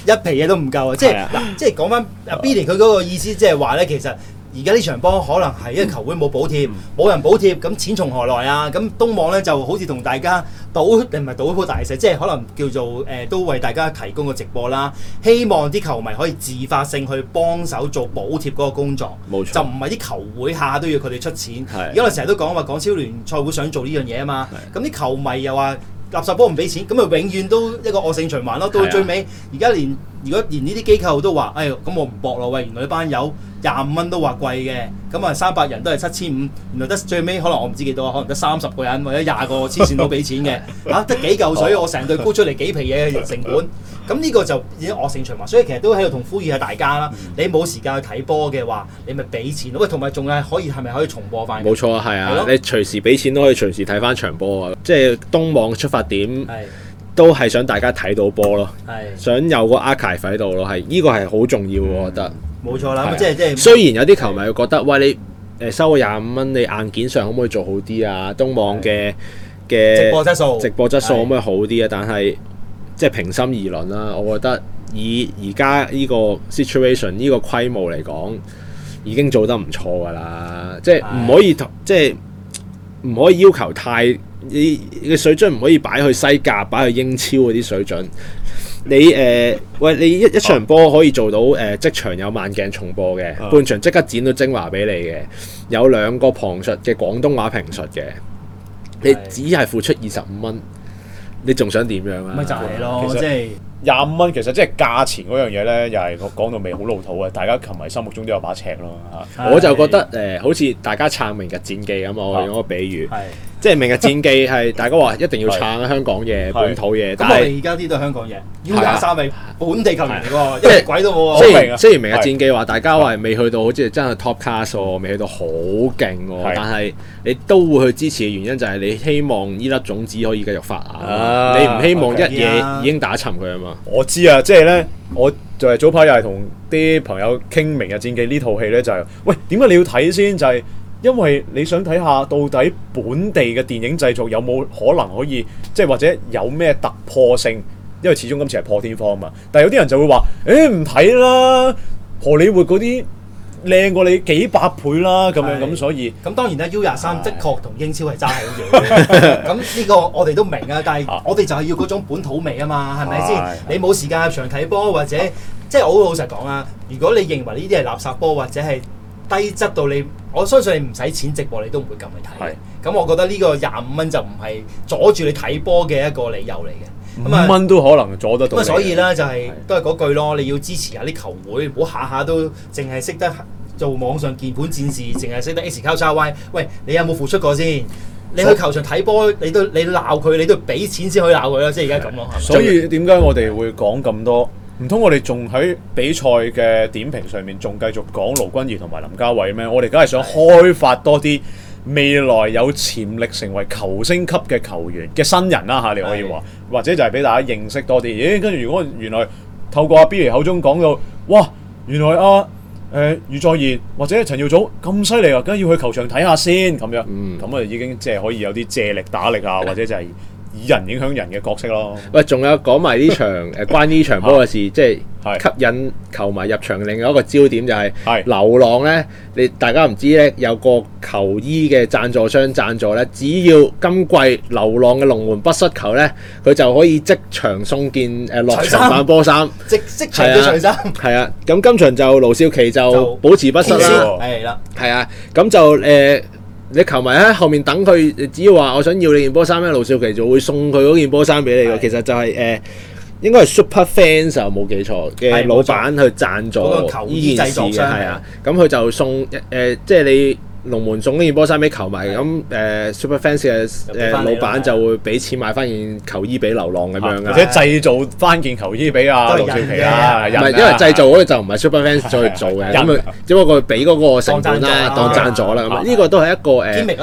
一皮嘢都唔夠啊！即係即係講翻阿 Billy 佢嗰個意思，即係話咧，其實。而家呢場波可能係因為球會冇補貼，冇、嗯、人補貼，咁錢從何來啊？咁東網咧就好似同大家賭定唔係賭一鋪大細，即係可能叫做誒、呃、都為大家提供個直播啦。希望啲球迷可以自發性去幫手做補貼嗰個工作，冇沒錯，就唔係啲球會下下都要佢哋出錢。而家是的 我成日都講話港超聯賽會想做呢樣嘢啊嘛，咁啲是的 球迷又話垃圾波唔俾錢，咁咪永遠都一個惡性循環咯。到最尾而家是的 連如果連呢啲機構都話，哎呀，咁我唔搏咯，喂，原來呢班友。廿五蚊都話貴嘅，咁啊三百人都係七千五，原來得最尾可能我唔知幾多，可能得三十個人或者廿個黐線都俾錢嘅，嚇得、 *laughs* 啊、幾嚿水， *laughs* 我成隊沽出嚟幾皮嘢嘅成本，咁呢個就已經惡性循環，所以其實都喺度同呼籲下大家啦。你冇時間去睇波嘅話，你咪俾錢咯，同埋仲係可以係咪可以重播翻？冇錯，係啊，是咯 你隨時俾錢都可以隨時睇翻場波啊！即係東網出發點，都係想大家睇到波咯，的想有個 archive 喺度咯，係呢、呢個係好重要，我覺得。冇錯啦，啊、即係是雖然有啲球迷會覺得，啊、喂，你誒收廿五蚊，你硬件上可唔可以做好啲啊？東網嘅嘅、啊、直播質素，直播質素可唔可以好啲啊？啊但係即係平心而論啦、啊，我覺得以而家呢個 situation 呢、呢個規模嚟講，已經做得唔錯噶啦。即係唔可以即係唔可以要求太你嘅水準，唔可以擺去西甲，擺去英超嗰啲水準。你誒，喂、呃、你一一場波可以做到誒、呃，即場有慢鏡重播嘅，半場即刻剪到精華俾你嘅，有兩個旁述嘅廣東話評述嘅，你只係付出二十五蚊，你仲想點樣啊？咪就係咯，其實即係廿五蚊，其實即係價錢嗰樣嘢咧，又係講到未好老土嘅，大家球迷心目中都有把尺咯嚇。是我就覺得誒、呃，好似大家撐明日戰記咁，我用一個比喻。即係明日戰記係大家話一定要撐香港嘢、本土嘢，但係而家啲都係香港嘢要加三尾本地球員嚟喎，一個鬼都冇喎。即係雖然明日戰記話大家話未去到，好似真係 top cast 喎，未去到好勁喎，但係你都會去支持嘅原因就係你希望呢粒種子可以繼續發芽，你唔希望一夜已經打沉佢啊嘛。我知啊，即係咧，我就係早排又係同啲朋友傾明日戰記呢套戲咧，就係喂點解你要睇先就係。因為你想睇下到底本地嘅電影製作有冇可能可以，即係或者有咩突破性？因為始終今次係破天荒啊嘛。但係有啲人就會話，誒唔睇啦，荷里活嗰啲靚過你幾百倍啦，咁樣咁，是所以咁當然啦，U 廿三的確同英超係爭好遠。咁呢 *laughs* 個我哋都明啊，但係我哋就係要嗰種本土味啊嘛，係咪先？你冇時間長睇波，或者即係我好老實講啦，如果你認為呢啲係垃圾波，或者係。低質到你，我相信你唔使錢直播你都唔會撳去睇。咁是、嗯、我覺得呢個廿五蚊就唔係阻住你睇波嘅一個理由嚟嘅。五蚊都可能阻得到。咁所以咧就係、是、是都係嗰句咯，你要支持下啲球會，唔好下下都淨係識得做網上鍵盤戰士，淨係識得 X, X、Y、Y。喂，你有冇付出過先？你去球場睇波，你都你鬧佢，你都俾錢先可以鬧佢啦。即係而家咁咯。是所以點解我哋會講咁多？唔通我哋仲喺比賽嘅點評上面仲繼續講盧君怡同埋林家偉咩？我哋梗係想開發多啲未來有潛力成為球星級嘅球員嘅新人啦、啊、嚇，你可以話，的或者就係俾大家認識多啲。咦、欸，跟住如果原來透過阿 Billy 口中講到，哇，原來啊，誒、呃、余再賢或者陳耀祖咁犀利啊，梗係要去球場睇下先咁樣。嗯，咁啊已經即係可以有啲借力打力啊，或者就係、是。以人影響人嘅角色咯，喂，仲有講埋呢場誒，關於呢場波嘅事，即係吸引球迷入場嘅另一個焦點就係，流浪呢。你的大家唔知呢，有個的球衣嘅贊助商贊助呢，只要今季流浪嘅龍門不失球呢，佢就可以即場送件誒落場半波衫，即即場嘅球衫，係啊，咁今場就盧少奇就保持不失啦，係啦，係啊，咁就誒。呃你球迷喺後面等佢，只要話我想要你件波衫咧，盧少奇就會送佢嗰件波衫俾你嘅。對其實就係、是、誒、呃，應該係 super fans 冇記錯嘅對係老闆去贊助呢錯件事，係啊，咁佢就送誒、呃，即係你。龍門送嗰件波衫俾球迷，咁誒 Superfans 嘅誒老闆就會俾錢買翻件球衣俾流浪咁樣嘅，或者製造翻件球衣俾啊龍傳奇啦，唔係因為製造嗰啲就唔係 Superfans 再去做嘅，咁佢只不過佢俾嗰個成本啦，當贊助啦，咁呢個都係一個誒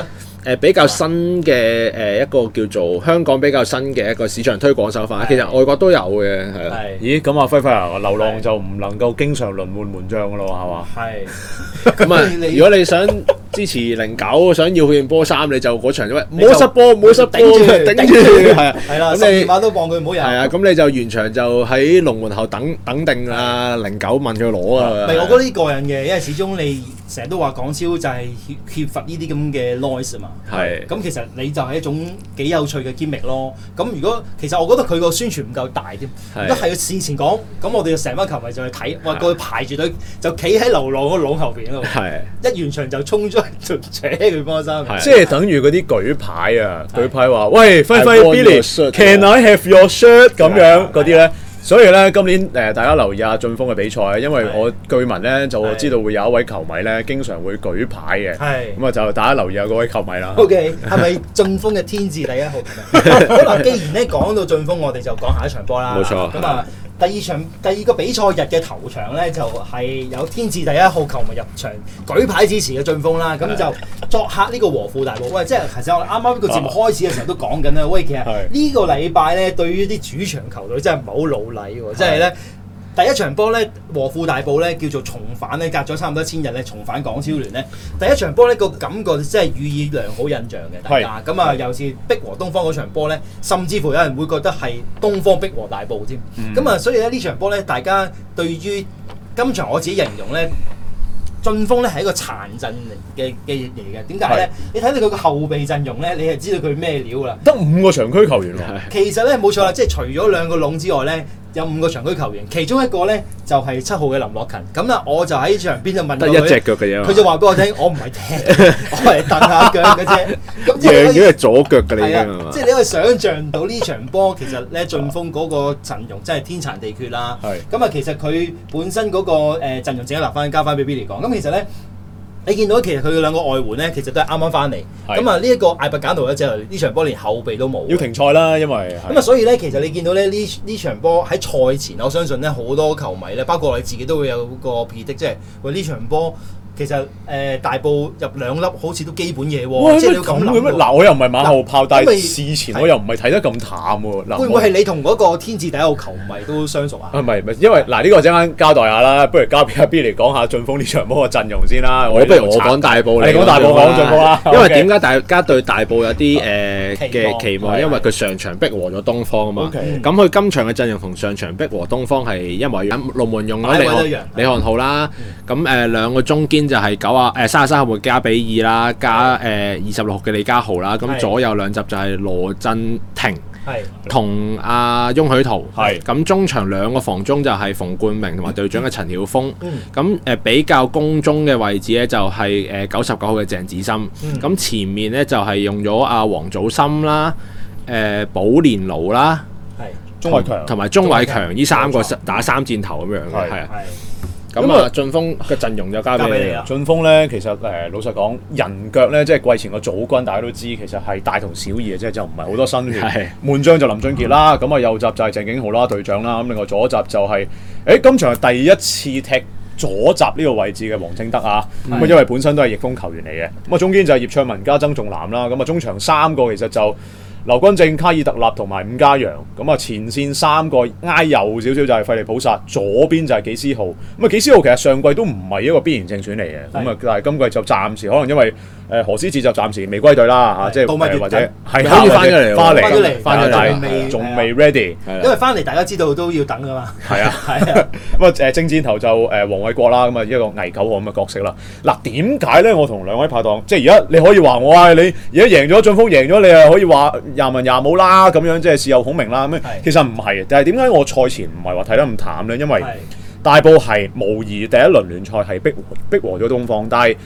誒比較新嘅誒一個叫做香港比較新嘅一個市場推廣手法，其實外國都有嘅係咦咁啊 f i 流浪就唔能夠經常輪換門將噶咯，係嘛？係咁啊，如果你想。支持零九，想要件波衫你就場啫，喂，唔好失波，唔好失波，頂住佢，係啊，係啦，咁你馬都望佢唔好贏。係啊，咁你就完場就喺龍門後等等定啊零九問佢攞啊。唔係我覺得呢個癮嘅，因為始終你成日都話港超就係缺乏呢啲咁嘅 noise 嘛。係。咁其實你就係一種幾有趣嘅揭秘咯。咁如果其實我覺得佢個宣傳唔夠大添，一係要事前講，咁我哋成班球迷就係睇，哇！佢排住隊就企喺流浪嗰龍後邊啊嘛。係。一完場就衝出。即係等於嗰啲舉牌啊，舉牌話喂，輝輝 Billy，Can I have your shirt？咁樣嗰啲咧，所以咧今年誒，大家留意下晉峰嘅比賽，因為我據聞咧就知道會有一位球迷咧經常會舉牌嘅，咁啊就大家留意下嗰位球迷啦。OK，係咪晉峰嘅天字第一號球迷？咁啊，既然咧講到晉峰，我哋就講下一場波啦。冇錯。咁啊。第二場第二個比賽日嘅頭場咧，就係有天字第一號球迷入場舉牌支持嘅晉峰啦。咁就作客呢個和富大埔，喂，即係其實我啱啱個節目開始嘅時候都講緊啦。喂，其實呢個禮拜咧，對於啲主場球隊真係唔係好老禮喎，即係咧。第一場波咧，和富大埔咧，叫做重返咧，隔咗差唔多一千日咧，重返港超聯咧、嗯、第一場波咧，個感覺真係予以良好印象嘅，大家咁啊，又是逼和東方嗰場波咧，甚至乎有人會覺得係東方逼和大埔添，咁啊、嗯、所以咧，呢場波咧，大家對於今場我自己形容咧，晉峰咧係一個殘陣嘅嘅嘢嘅，點解咧？呢是你睇到佢個後備陣容咧，你係知道佢咩料啦？得五個長區球員喎。 *laughs* 其實咧冇錯啦，即係除咗兩個龍之外咧。有五個長居球員，其中一個咧就係、是、七號嘅林樂勤。咁啦，我就喺場邊就問佢，得一隻腳嘅樣，佢就話俾我聽，我唔係踢， *laughs* 我係蹬下腳嘅啫。咁樣嘅左腳嘅，你即係你可以想象到呢場波，其實咧晉峰嗰個陣容真係天殘地缺啦。咁啊的，其實佢本身嗰個誒陣容，自己留翻交翻俾 Billy 講。咁其實咧。你見到其實佢兩個外援咧，其實都係啱啱翻嚟。咁啊是，呢一個艾伯簡圖呢，就係呢場波連後備都冇。要停賽啦，因為咁啊，所以咧，其實你見到咧呢呢場波喺賽前，我相信咧好多球迷咧，包括我自己都會有個撇的，即係喂呢場波。其實誒大埔入兩粒好似都基本嘢喎，即係要咁難。嗱，我又唔係馬後炮，但事前我又唔係睇得咁淡喎。會唔會係你同嗰個天字第一號球迷都相熟啊？唔係唔係，因為嗱呢個陣間交代下啦。不如交俾阿 B 嚟講下晉峰呢場波嘅陣容先啦。我不如我講大埔你講大埔講晉峰啦。因為點解大家對大埔有啲誒嘅期望？因為佢上場逼和咗東方啊嘛。咁佢今場嘅陣容同上場逼和東方係一模一樣，龍門用咗李漢李漢浩啦。咁誒兩個中堅。就係九啊，誒三十三號嘅加比爾啦，加誒二十六號嘅李家豪啦。咁左右兩集就係羅振廷，係同阿、啊、翁許圖，係咁是。中場兩個防中就係馮冠明同埋隊長嘅陳曉峰。咁誒、嗯嗯、比較攻中嘅位置咧，就係誒九十九號嘅鄭子深。咁、嗯、前面咧就係用咗阿、啊、黃祖森啦，誒、呃、保連奴啦，係鍾偉強，同埋鍾偉強呢三個打三箭頭咁樣嘅，係啊。咁啊，晉峰嘅陣容就交俾你啦。晉峰咧，其實誒、呃、老實講，人腳咧即係季前嘅組軍，大家都知其實係大同小異嘅，即係就唔係好多新血。門的將就林俊傑啦，咁啊、嗯、右閘就係鄭景豪啦，隊長啦。咁另外左閘就係、是，誒、欸、今場係第一次踢左閘呢個位置嘅黃清德啊。咁啊的，因為本身都係逆風球員嚟嘅。咁啊，中間就係葉卓文加曾仲南啦。咁啊，中場三個其實就。劉君正、卡爾特納同埋伍家陽，咁啊前線三個挨右少少就係費利普薩，左邊就係紀思浩。咁啊紀思浩其實上季都唔係一個必然正選嚟嘅，咁啊的但係今季就暫時可能因為。誒何詩哲就暫時未歸隊啦，嚇即係或者係翻咗嚟，翻嚟翻咗嚟，未仲未 ready，因為翻嚟大家知道都要等噶嘛。係啊，係啊。咁啊誒正箭頭就誒黃偉國啦，咁啊一個偽九號咁嘅角色啦。嗱點解咧？我同兩位拍檔，即係而家你可以話我啊，你而家贏咗晉峰贏咗，你又可以話廿文廿武啦，咁樣即係事有孔明啦。咁樣其實唔係，但係點解我賽前唔係話睇得咁淡咧？因為大埔係無疑第一輪聯賽係逼逼和咗東方，但係。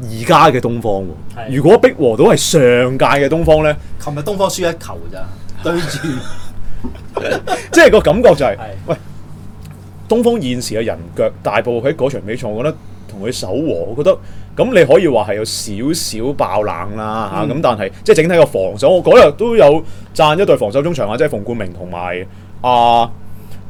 而家嘅東方喎，的如果逼和到係上屆嘅東方呢，琴日東方輸一球咋對住， *laughs* *laughs* 即係個感覺就係、是、的喂，東方現時嘅人腳，大埔喺嗰場比賽，我覺得同佢守和，我覺得咁你可以話係有少少爆冷啦嚇。咁、嗯、但係即係整體個防守，我嗰日都有讚一對防守中場啊，即係馮冠明同埋啊。呃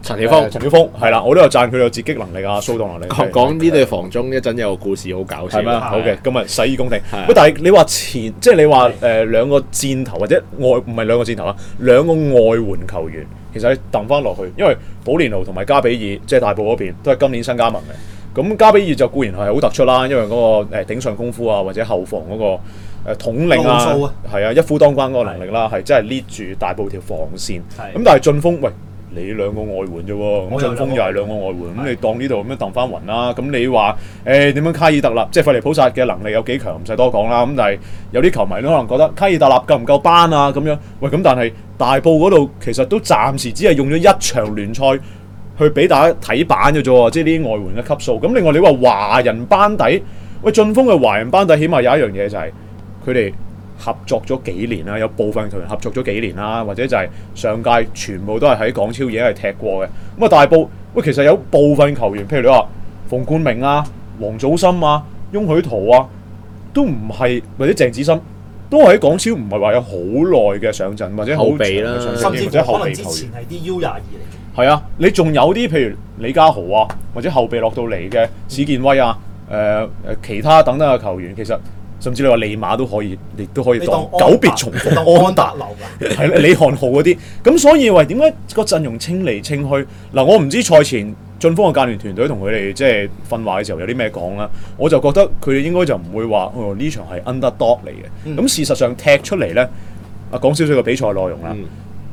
陳曉峰，陳曉峰係啦，我都有讚佢有截擊能力啊，蘇動能力。講呢對防中一陣有個故事，好搞笑。係好嘅，咁咪洗耳恭聽。喂，但係你話前，即係你話誒，兩個箭頭或者外，唔係兩個箭頭啊？兩個外援球員，其實喺揼翻落去，因為保連奴同埋加比爾，即係大埔嗰邊都係今年新加盟嘅。咁加比爾就固然係好突出啦，因為嗰個誒頂上功夫啊，或者後防嗰個誒統領啊，係啊一夫當關嗰個能力啦，係真係捏住大埔條防線。咁，但係晉峰喂。你兩個外援啫喎，我晉有峰又係兩個外援，咁有你當呢度咁樣騰翻雲啦，咁是的 你話誒點樣卡爾特納，即係費利普薩嘅能力有幾強，唔使多講啦，咁但係有啲球迷都可能覺得卡爾特納夠唔夠班啊咁樣，喂，咁但係大埔嗰度其實都暫時只係用咗一場聯賽去俾大家睇板嘅啫喎，即係呢啲外援嘅級數。咁另外你話華人班底，喂，晉峰嘅華人班底，起碼有一樣嘢就係佢哋。合作咗幾年啦，有部分球員合作咗幾年啦，或者就係上屆全部都係喺港超已經係踢過嘅。咁啊，大埔喂其實有部分球員，譬如你話馮冠明啊、黃祖森啊、翁許圖啊，都唔係或者鄭子森，都喺港超唔係話有好耐嘅上陣，或者好長嘅上陣，或者後，後備，者後備可能之前係啲 U 廿二嚟嘅。係啊，你仲有啲譬如李家豪啊，或者後備落到嚟嘅史建威啊，誒、呃、誒其他等等嘅球員，其實。甚至你話利馬都可以，亦都可以當久別重逢。安達樓係 *laughs* 李漢浩嗰啲，咁所以話點解個陣容清嚟清去。嗱，我唔知賽前晉峰嘅教練團隊同佢哋即係訓話嘅時候有啲咩講啦。我就覺得佢哋應該就唔會話哦呢場係 underdog 嚟嘅。咁、嗯、事實上踢出嚟咧，啊講少少個比賽內容啦，嗯、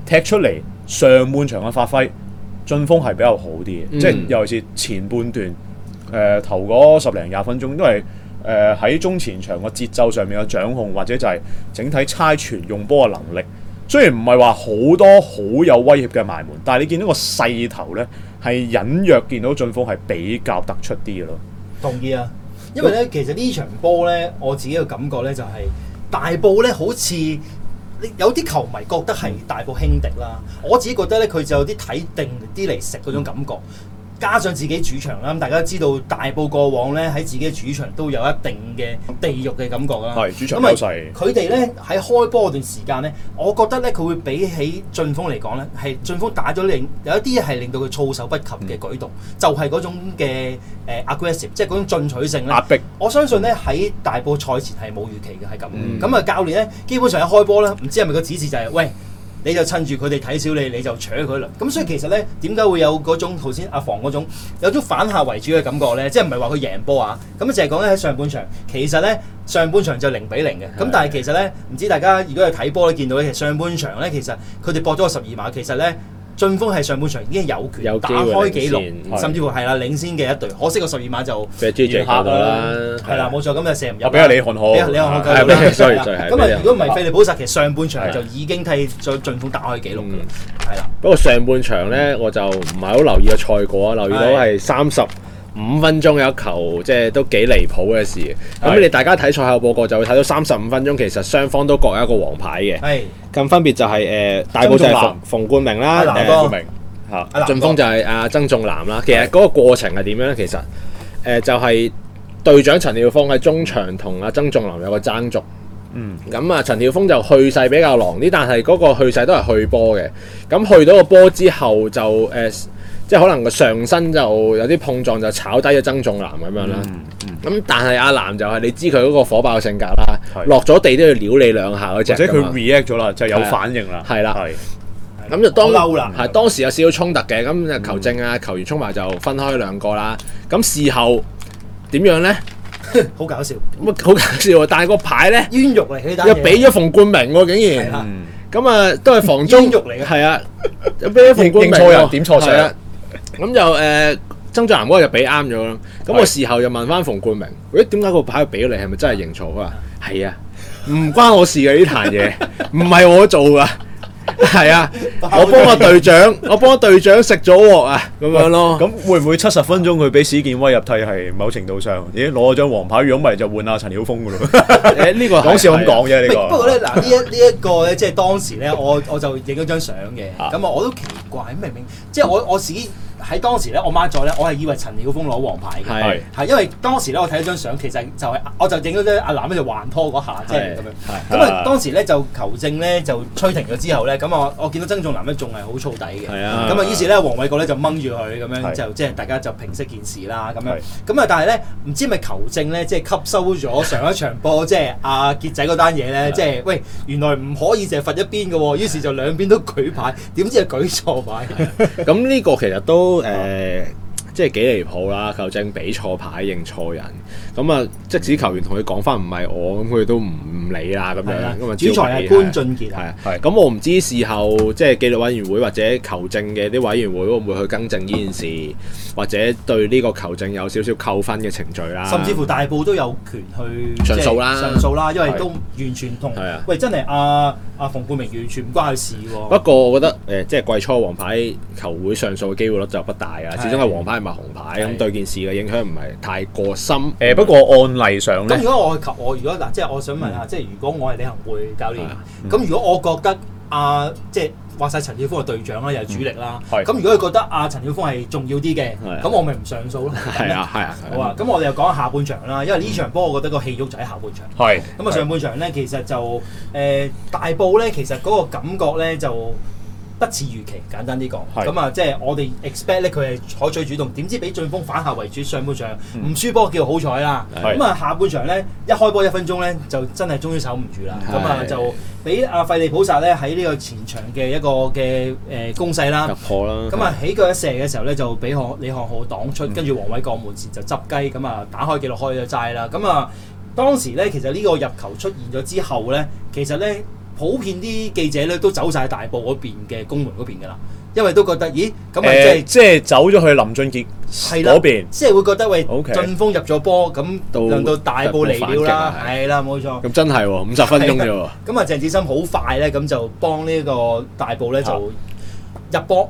踢出嚟上半場嘅發揮，晉峰係比較好啲嘅，嗯、即係尤其是前半段誒頭嗰十零廿分鐘，因為。誒喺、呃、中前場嘅節奏上面嘅掌控，或者就係整體猜傳用波嘅能力，雖然唔係話好多好有威脅嘅埋門，但係你見到個勢頭呢，係隱約見到進攻係比較突出啲嘅咯。同意啊，因為呢其實呢場波呢，我自己嘅感覺呢、就是，就係大埔呢好似，有啲球迷覺得係大埔輕敵啦，我自己覺得呢，佢就有啲睇定啲嚟食嗰種感覺。嗯加上自己主場啦，咁大家知道大埔過往咧喺自己嘅主場都有一定嘅地獄嘅感覺啦。係主場優勢。佢哋咧喺開波段時間咧，我覺得咧佢會比起晉峰嚟講咧，係晉峰打咗令有一啲係令到佢措手不及嘅舉動，嗯、就係嗰種嘅誒、呃、aggressive，即係嗰種進取性咧。壓迫。我相信咧喺大埔賽前係冇預期嘅係咁。咁啊、嗯、教練咧基本上一開波啦，唔知係咪個指示就係、是、喂。你就趁住佢哋睇少你，你就扯佢啦。咁所以其實咧，點解會有嗰種頭先阿房嗰種有種反客為主嘅感覺咧？即係唔係話佢贏波啊？咁淨係講咧喺上半場，其實咧上半場就零比零嘅。咁是的 但係其實咧，唔知大家如果有睇波咧見到咧，其實上半場咧其實佢哋搏咗個十二碼，其實咧。駿鋒係上半場已經有權打開紀錄，甚至乎係啦領先嘅一隊，可惜個十二碼就射唔入到啦，係啦冇錯，咁就射唔入。我俾阿李漢看下，俾阿李漢我睇下。咁啊，如果唔係菲利普薩，其實上半場就已經替咗晉峰打開紀錄啦，係啦。不過上半場咧，我就唔係好留意個賽果啊，留意到係三十。五分鐘有一球，即係都幾離譜嘅事的。咁的你大家睇賽後報告就會睇到三十五分鐘，其實雙方都各有一個黃牌嘅。咁的分別就係、是、誒、呃，大埔就係馮冠明啦，阿南冠明嚇，阿晉峰就係阿、啊、曾仲南啦。其實嗰個過程係點樣咧？的其實誒就係隊長陳曉峰喺中場同阿、啊、曾仲南有個爭逐。咁啊、嗯，陳曉峰就去勢比較狼啲，但係嗰個去勢都係去波嘅。咁去到個波之後就誒。即係可能個上身就有啲碰撞，就炒低咗曾仲南咁樣啦。咁但係阿南就係你知佢嗰個火爆性格啦，落咗地都要撩你兩下嗰隻。或者佢 react 咗啦，就有反應啦。係啦，咁就當嬲啦。係當時有少少衝突嘅，咁球證啊，球員衝埋就分開兩個啦。咁事後點樣咧？好搞笑。咁啊好搞笑，但係個牌咧，冤獄嚟，又俾咗馮冠明喎，竟然。咁啊都係防中。冤獄嚟嘅。係啊，俾咗馮冠明。認錯人，點錯水。咁就誒，曾俊南嗰日就俾啱咗啦。咁我事後又問翻馮冠明，誒點解個牌俾咗你？係咪真係認錯？啊？佢話：係啊，唔關我事嘅呢壇嘢，唔係我做㗎，係啊，我幫個隊長，我幫隊長食咗鑊啊，咁樣咯。咁會唔會七十分鐘佢俾史建威入替係某程度上？咦，攞咗張黃牌，如果唔係就換阿陳曉峰㗎咯？誒呢個講笑咁講啫。呢個不過咧，嗱呢一呢一個咧，即係當時咧，我我就影咗張相嘅。咁啊，我都奇怪，明明即係我我自己。喺當時咧，我媽再咧，我係以為陳曉峰攞黃牌嘅，係因為當時咧，我睇咗張相，其實就係我就影咗張阿男喺度還拖嗰下，啫。咁樣。咁啊，當時咧就球證咧，就吹停咗之後咧，咁我我見到曾仲南咧仲係好燥底嘅。係啊，咁啊，於是咧，黃偉國咧就掹住佢咁樣，就即係大家就平息件事啦，咁樣。咁啊，但係咧，唔知咪球證咧，即係吸收咗上一場波，即係阿傑仔嗰單嘢咧，即係喂，原來唔可以淨係罰一邊嘅喎，於是就兩邊都舉牌，點知係舉錯牌。咁呢個其實都～都誒、呃，即係幾離譜啦！究竟俾錯牌，認錯人。咁啊，即使球員同佢講翻唔係我，咁佢都唔理啦咁樣。咁啊，主裁係潘俊傑啊。啊，係。咁我唔知事後即係紀律委員會或者球證嘅啲委員會會唔會去更正呢件事，或者對呢個球證有少少扣分嘅程序啦。甚至乎大埔都有權去上訴啦，上訴啦，因為都完全同喂真係阿阿馮冠明完全唔關佢事喎。不過我覺得誒，即係季初黃牌球會上訴嘅機會率就不大啊。始終係黃牌唔係紅牌，咁對件事嘅影響唔係太過深。誒個案例上咧，咁如果我及我，如果嗱，即係我想問下，嗯、即係如果我係李恒會教練，咁、嗯、如果我覺得阿、啊、即係話晒陳曉峰嘅隊長啦，又係主力啦，咁、嗯、如果佢覺得阿陳曉峰係重要啲嘅，咁、嗯、我咪唔上訴咯。係、嗯、 *laughs* 啊，係啊，好啊，咁我哋又講下半場啦，因為呢場波我覺得個戲肉就喺下半場。係，咁啊、嗯嗯、上半場咧，其實就誒、呃、大埔咧，其實嗰個感覺咧就。不似預期，簡單啲講，咁啊是，即係我哋 expect 咧，佢係採取主動，點知俾晉峰反客為主，上半場唔、嗯、輸波叫好彩啦。咁啊，下半場咧，一開波一分鐘咧就真係終於守唔住啦。咁啊是的 就俾阿費利普薩咧喺呢個前場嘅一個嘅誒攻勢啦，入波啦。咁啊，起腳一射嘅時候咧就俾李漢豪擋出，跟住王偉國門前就執雞，咁啊打開記錄開咗齋啦。咁啊當時咧，其實呢個入球出現咗之後咧，其實咧。普遍啲記者咧都走晒大埔嗰邊嘅公門嗰邊㗎啦，因為都覺得咦咁咪即係即係走咗去林俊傑嗰邊，的邊即係會覺得喂晉峰 Okay. 入咗波，咁輪到大埔嚟了啦，係啦冇錯，咁真係五十分鐘啫喎，咁啊鄭智深好快咧，咁就幫呢個大埔咧就入波，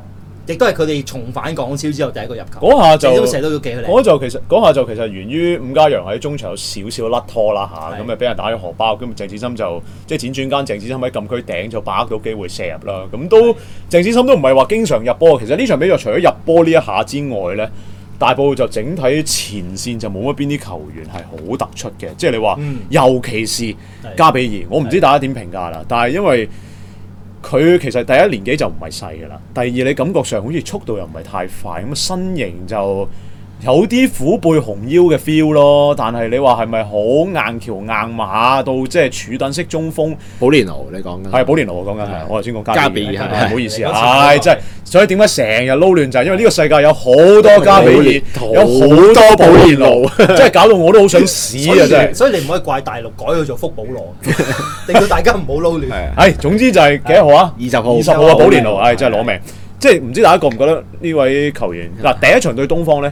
亦都係佢哋重返港超之後第一個入球。嗰下就，都射到幾就其實，嗰下就其實源於伍家陽喺中場有少少甩拖啦嚇，咁就俾人打咗荷包。咁鄭子深就即係、就是、轉轉間，鄭子深喺禁區頂就把握到機會射入啦。咁都是鄭子深都唔係話經常入波。其實呢場比賽除咗入波呢一下之外咧，大埔就整體前線就冇乜邊啲球員係好突出嘅。即係你話，嗯、尤其是加比爾，我唔知大家點評價啦。是但係因為佢其實第一，年紀就唔係細嘅啦，第二，你感覺上好似速度又唔係太快，咁身形就～有啲虎背熊腰嘅 feel 咯，但係你話係咪好硬橋硬馬到即係柱等式中鋒？保年奴，你講緊係保年奴，我講緊係我頭先講加比爾，唔好意思，係真係。所以點解成日撈亂就係因為呢個世界有好多加比爾，有好多保年奴，即係搞到我都好想屎啊！真係。所以你唔可以怪大陸改佢做福保羅，令到大家唔好撈亂。係，總之就係幾多號啊？二十號，二十號啊！保年奴，唉，真係攞命。即係唔知大家覺唔覺得呢位球員嗱第一場對東方咧？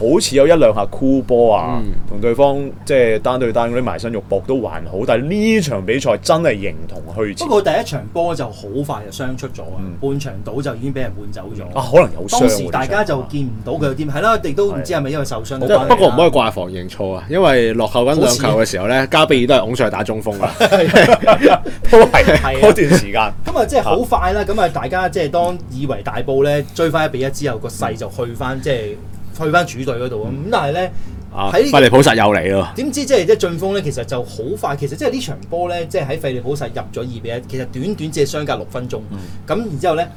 好似有一兩下箍波啊，同對方即係單對單嗰啲埋身肉搏都還好，但係呢場比賽真係形同虛設。不過第一場波就好快就傷出咗，啊，半場到就已經俾人換走咗。啊，可能有傷。當時大家就見唔到佢有點，係啦，亦都唔知係咪因為受傷。不過唔可以掛防認錯啊，因為落後緊兩球嘅時候咧，加比爾都係拱上去打中鋒啦。都係嗰段時間。咁啊，即係好快啦。咁啊，大家即係當以為大埔咧追翻一比一之後，個勢就去翻即係。退翻主隊嗰度啊！咁但係咧，喺費利浦薩又嚟咯。點知即係即係晉峰咧，其實就好快。其實即係呢場波咧，即係喺費利浦薩入咗二比一。其實短短只係相隔六分鐘。咁然、嗯、之後咧，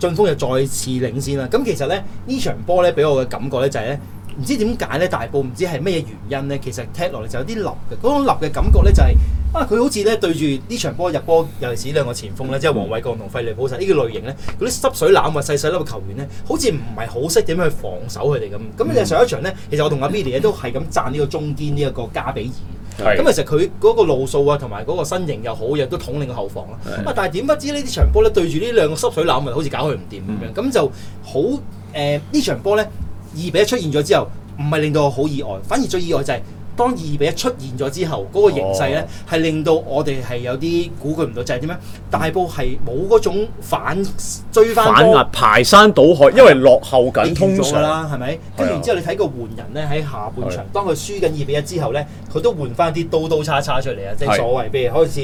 晉峰就再次領先啦。咁其實咧，場呢場波咧，俾我嘅感覺咧就係、是、咧，唔知點解咧，大埔唔知係乜嘢原因咧，其實踢落嚟就有啲立嘅。嗰種濘嘅感覺咧就係、是。啊！佢好似咧對住呢場波入波，尤其是兩個前鋒咧，mm hmm. 即係黃偉國同費利普塞呢個類型咧，嗰啲濕水腩啊，細細粒嘅球員咧，好似唔係好識點去防守佢哋咁。咁你、mm hmm. 上一場咧，其實我同阿 b i 都係咁贊呢個中堅呢一個加比爾。咁 *laughs* 其實佢嗰個路數啊，同埋嗰個身形又好，亦都統領個後防啦。咁、mm hmm. 啊，但係點不知呢啲場波咧，對住、mm hmm. 呃、呢兩個濕水腩咪好似搞佢唔掂咁樣。咁就好誒，呢場波咧二比一出現咗之後，唔係令到我好意外，反而最意外就係、是。當二比一出現咗之後，嗰個形勢咧係令到我哋係有啲估佢唔到，就係點樣？大埔係冇嗰種反追反壓排山倒海，因為落後緊。通常啦，係咪？跟住之後你睇個換人咧，喺下半場，當佢輸緊二比一之後咧，佢都換翻啲刀刀叉叉出嚟啊！即係所謂，譬如開始，似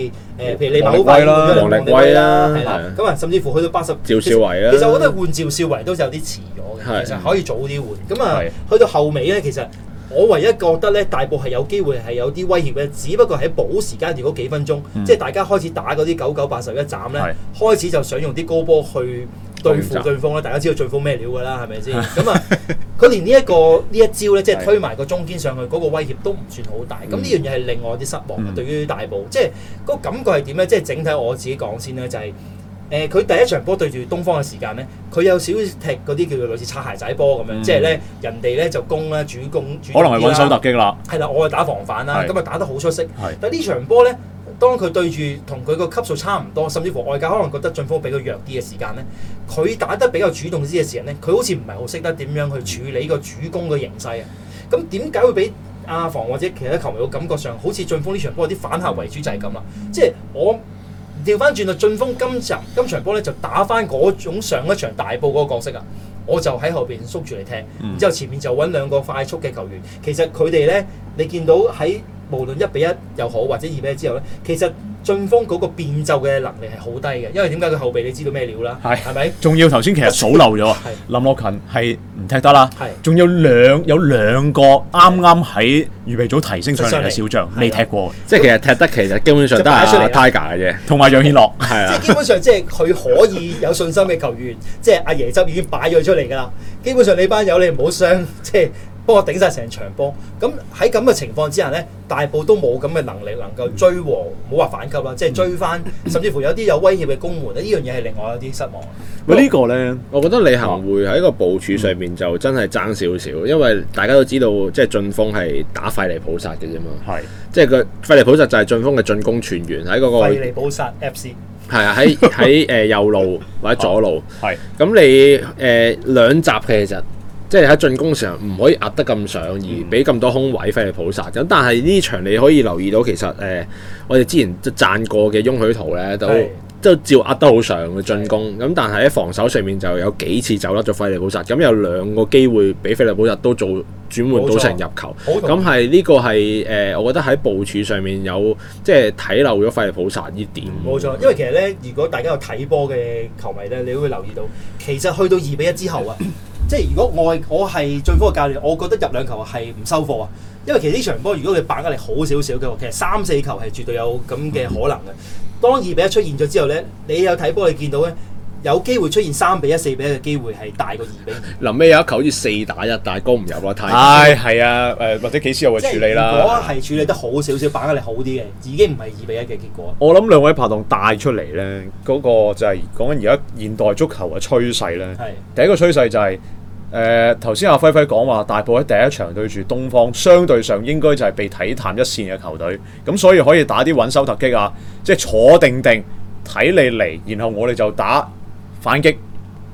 譬如你萬好快換咗人，王力啦，係啦。咁啊，甚至乎去到八十，趙少維啦。其實我覺得換趙少維都有啲遲咗嘅，其實可以早啲換。咁啊，去到後尾咧，其實。我唯一覺得咧，大埔係有機會係有啲威脅嘅，只不過喺補時階段嗰幾分鐘，嗯、即係大家開始打嗰啲九九八十一斬咧，是開始就想用啲高波去對付晉峰咧。大家知道晉峰咩料噶啦，係咪先？咁 *laughs* 啊，佢連呢、這、一個呢一招咧，即係推埋個中堅上去，嗰、那個威脅都唔算好大。咁呢樣嘢係令我啲失望啊！嗯、對於大埔，即係個感覺係點咧？即係整體我自己講先咧，就係、是。誒佢、呃、第一場波對住東方嘅時間咧，佢有少少踢嗰啲叫做類似擦鞋仔波咁樣，即係咧人哋咧就攻啦，主攻主可能係穩守突擊啦，係啦，我係打防反啦，咁啊的打得好出色。的但係呢場波咧，當佢對住同佢個級數差唔多，甚至乎外界可能覺得晉峰比較弱啲嘅時間咧，佢打得比較主動啲嘅時候咧，佢好似唔係好識得點樣去處理個主攻嘅形勢啊。咁點解會俾阿防或者其他球迷嘅感覺上好似晉峰呢場波有啲反客為主就係咁啦？即係我。調翻轉啊！晉峰今場今場波咧就打翻嗰種上一場大埔嗰個角色啊！我就喺後邊縮住嚟踢，之後前面就揾兩個快速嘅球員。其實佢哋咧，你見到喺無論一比一又好或者二比一之後咧，其實。晉峰嗰個變奏嘅能力係好低嘅，因為點解佢後備你知道咩料啦？係係咪？仲吧要頭先其實數漏咗啊！林樂群係唔踢得啦。係仲是有兩有兩個啱啱喺預備組提升上嚟嘅小將未踢過，的即係其實踢得其實基本上都係阿 Tiger 嘅啫，同埋楊軒樂係啊。的即係基本上即係佢可以有信心嘅球員， *laughs* 即係阿椰汁已經擺咗出嚟㗎啦。基本上你班友你唔好傷即係。幫我頂晒成場波，咁喺咁嘅情況之下咧，大部都冇咁嘅能力能夠追和，唔好話反擊啦，即係追翻，甚至乎有啲有威脅嘅攻門，呢樣嘢係令我有啲失望。喂，呢個咧，我覺得李行會喺個部署上面就真係爭少少，因為大家都知道，即係晉峰係打費利是普薩嘅啫嘛，係，即係個費利普薩就係晉峰嘅進攻全員喺嗰、那個。費利普薩 FC 係啊，喺喺誒右路或者左路，係咁 *laughs* 是你誒、呃、兩集嘅其實。即係喺進攻時候唔可以壓得咁上，而俾咁多空位費利、嗯、普薩。咁但係呢場你可以留意到，其實誒、呃、我哋之前就贊過嘅翁許圖咧，都是的 都照壓得好上嘅進攻。咁是的 但係喺防守上面就有幾次走甩咗費利普薩。咁有兩個機會俾費利普薩都做轉換到成入球。咁係呢個係誒、呃，我覺得喺部署上面有即係睇漏咗費利普薩呢點。冇錯，因為其實咧，如果大家有睇波嘅球迷咧，你會留意到，其實去到二比一之後啊。 *coughs* 即係如果我我係最苛嘅教練，我覺得入兩球係唔收貨啊！因為其實呢場波，如果你把握力好少少嘅話，其實三四球係絕對有咁嘅可能嘅。當二比一出現咗之後咧，你有睇波，你見到咧。有機會出現三比一、四比一嘅機會係大過二比一。臨尾有一球好似四打一，但係攻唔入啊！太係 *laughs* 啊！誒，或者幾時又會處理啦？如果係處理得好少少，把握力好啲嘅，已經唔係二比一嘅結果。我諗兩位拍檔帶出嚟咧，嗰、那個就係、是、講緊而家現代足球嘅趨勢咧。係的第一個趨勢就係、是、誒，頭、呃、先阿輝輝講話，大埔喺第一場對住東方，相對上應該就係被睇淡一線嘅球隊，咁所以可以打啲穩守突擊啊，即、就、係、是、坐定定睇你嚟，然後我哋就打。反擊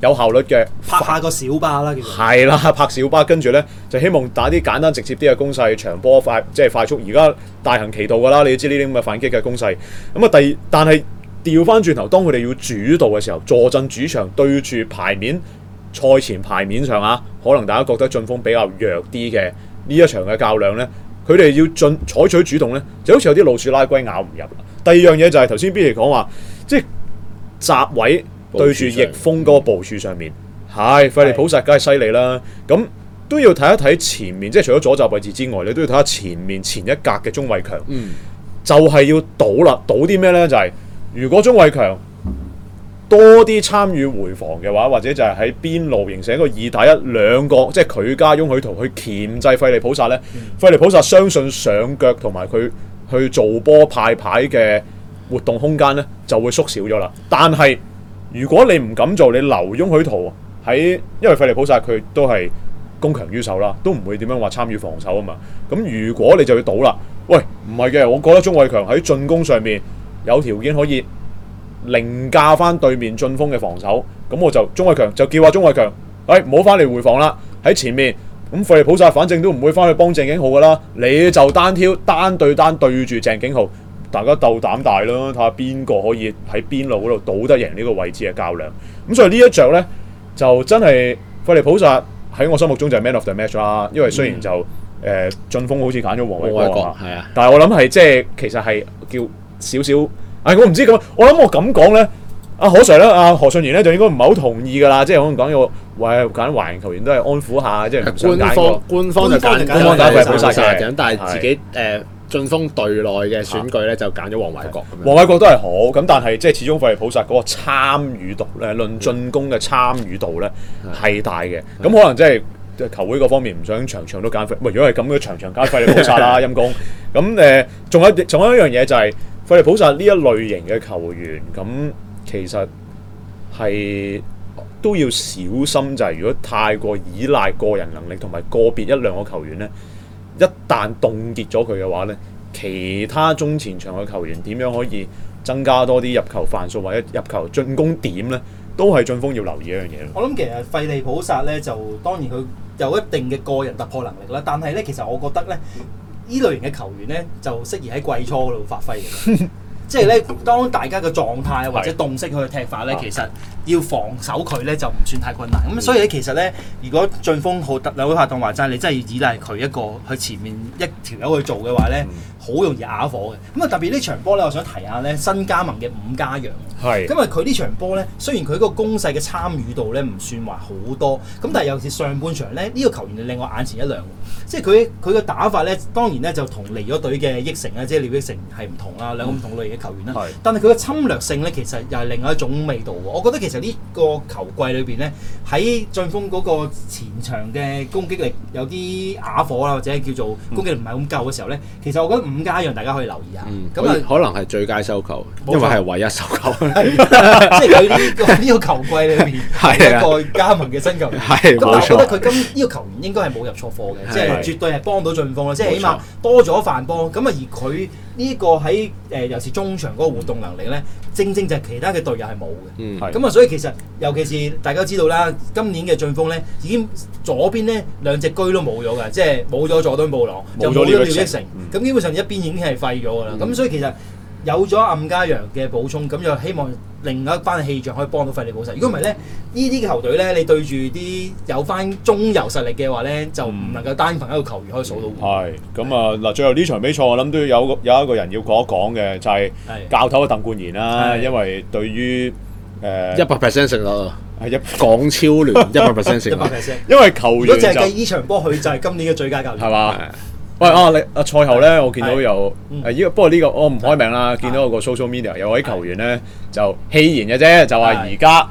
有效率嘅，拍下個小巴啦，其實係啦，拍小巴，跟住咧就希望打啲簡單直接啲嘅攻勢，長波快，即係快速。而家大行其道㗎啦，你知呢啲咁嘅反擊嘅攻勢。咁、嗯、啊，第但係調翻轉頭，當佢哋要主導嘅時候，坐鎮主場，對住排面，賽前排面上啊，可能大家覺得進攻比較弱啲嘅呢一場嘅較量咧，佢哋要進採取主動咧，就好似有啲老鼠拉龜咬唔入。第二樣嘢就係頭先 B 嚟講話，即係閘位。對住逆風嗰個部署上面，係、嗯、費利普薩梗係犀利啦。咁的都要睇一睇前面，即係除咗左閘位置之外，你都要睇下前面前一格嘅鐘偉強。嗯，就係要賭啦，賭啲咩呢？就係、是、如果鐘偉強多啲參與回防嘅話，或者就係喺邊路形成一個二打一兩個，即係佢家擁許圖去鉗制費利普薩呢。嗯、費利普薩相信上腳同埋佢去做波派牌嘅活動空間呢，就會縮小咗啦。但係如果你唔敢做，你留擁許途喺，因為費利普薩佢都係攻強於守啦，都唔會點樣話參與防守啊嘛。咁如果你就要賭啦，喂，唔係嘅，我覺得鍾偉強喺進攻上面有條件可以凌駕翻對面進攻嘅防守，咁我就鍾偉強就叫話鍾偉強，喂、哎，唔好翻嚟回防啦，喺前面咁費利普薩反正都唔會翻去幫鄭景浩噶啦，你就單挑單對單對住鄭景浩。大家鬥膽大咯，睇下邊個可以喺邊路嗰度賭得贏呢個位置嘅較量。咁所以呢一着咧，就真係飛利普殺喺我心目中就係 man of the match 啦。因為雖然就誒晉峰好似揀咗黃偉光啊，但係我諗係即係其實係叫少少。哎，我唔知咁，我諗我咁講咧，阿可 Sir 咧，阿何信賢咧就應該唔係好同意噶啦。即係可能講要揀華人球員都係安撫下，即係官方官方就打飛利浦殺咁，但係自己誒。晉峰隊內嘅選舉咧，啊、就揀咗王偉國咁樣。王偉國都係好，咁但係即係始終費利普塞嗰個參與度咧，論進攻嘅參與度咧係大嘅。咁、嗯、可能即係球會嗰方面唔想場場都揀費。唔係的如果係咁嘅場場揀費利普塞啦 *laughs* 陰公。咁誒，仲、呃、有仲有一樣嘢就係、是、費利普塞呢一類型嘅球員，咁其實係都要小心就係、是，如果太過依賴個人能力同埋個別一兩個球員咧。一旦凍結咗佢嘅話，咧，其他中前場嘅球員點樣可以增加多啲入球範數或者入球進攻點咧，都係晉峰要留意一樣嘢。我諗其實費利普薩咧就當然佢有一定嘅個人突破能力啦，但係咧其實我覺得咧，呢類型嘅球員咧就適宜喺季初度發揮嘅， *laughs* 即係咧當大家嘅狀態或者動式去踢法咧，的其實。要防守佢咧就唔算太困難，咁所以咧其實咧，如果晉峰特兩位拍檔話齋，你真係依賴佢一個去前面一條友去做嘅話咧，好、嗯、容易啞火嘅。咁、嗯、啊特別場呢場波咧，我想提下咧新加盟嘅伍家洋。係是。咁啊佢呢場波咧，雖然佢個攻勢嘅參與度咧唔算話好多，咁但係尤其是上半場咧，呢、這個球員令我眼前一亮。即係佢佢嘅打法咧，當然咧就同離咗隊嘅益成，啊，即係廖益成係唔、就是、同啦，兩個唔同類型嘅球員啦。嗯、但係佢嘅侵略性咧，其實又係另外一種味道喎。我覺得其實。其實呢個球季裏邊咧，喺晉峰嗰個前場嘅攻擊力有啲啞火啦，或者叫做攻擊力唔係咁夠嘅時候咧，其實我覺得五加一樣大家可以留意下。咁、嗯、就可，可能係最佳收購，錯因為係唯一收購，即係佢呢個球季裏邊一個加盟嘅新球員。係冇錯，覺得佢今呢、這個球員應該係冇入錯貨嘅，即係的絕對係幫到晉峰啦，即係錯起碼多咗反幫。咁啊而佢。呢個喺誒、呃、尤其是中場嗰個活動能力咧，正正就係其他嘅隊友係冇嘅。嗯，係。咁啊，所以其實尤其是大家知道啦，今年嘅晉峰咧，已經左邊咧兩隻居都冇咗㗎，即係冇咗佐敦布朗，就冇咗廖益成。咁、嗯、基本上一邊已經係廢咗㗎啦。咁、嗯、所以其實。有咗暗加陽嘅補充，咁就希望另一班氣象可以幫到費利補實。如果唔係咧，呢啲球隊咧，你對住啲有返中游實力嘅話咧，就唔能夠單憑一個球員可以數到。係咁、嗯、是啊！嗱，最後呢場比賽我諗都要有有一個人要講一講嘅，就係、是、教頭嘅鄧冠賢啦。是因為對於誒一百 percent 成啊，係一港超聯一百 percent 成，一百 percent。 *laughs* 因為球員就嘅呢場波，佢就係今年嘅最佳教練，係嘛？喂啊，你啊，賽後咧，我見到有，誒依個不過呢，這個我唔開名啦，的見到有個 social media 有位球員咧的就戲言嘅啫，就話而家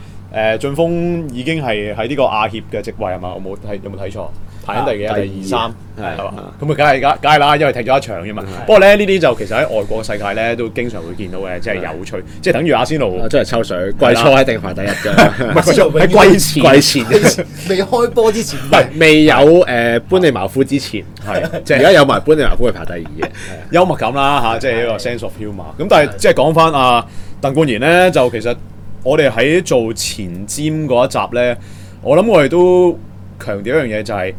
誒晉峰已經係喺呢個亞協嘅職位係嘛，我冇睇，有冇睇錯？排緊第二嘅，第二三，係，係咁啊，梗係，梗，梗係啦，因為踢咗一場啫嘛。不過咧，呢啲就其實喺外國世界咧，都經常會見到嘅，即係有趣，即係等於阿仙奴。真係抽水，季初一定排第一嘅，喺季前，季前，未開波之前，唔係，未有誒，班尼茅夫之前，係，即係而家有埋班尼茅夫係排第二嘅，幽默感啦吓，即係呢個 sense of humour 咁，但係，即係講翻阿鄧冠賢咧，就其實我哋喺做前瞻嗰一集咧，我諗我哋都強調一樣嘢，就係。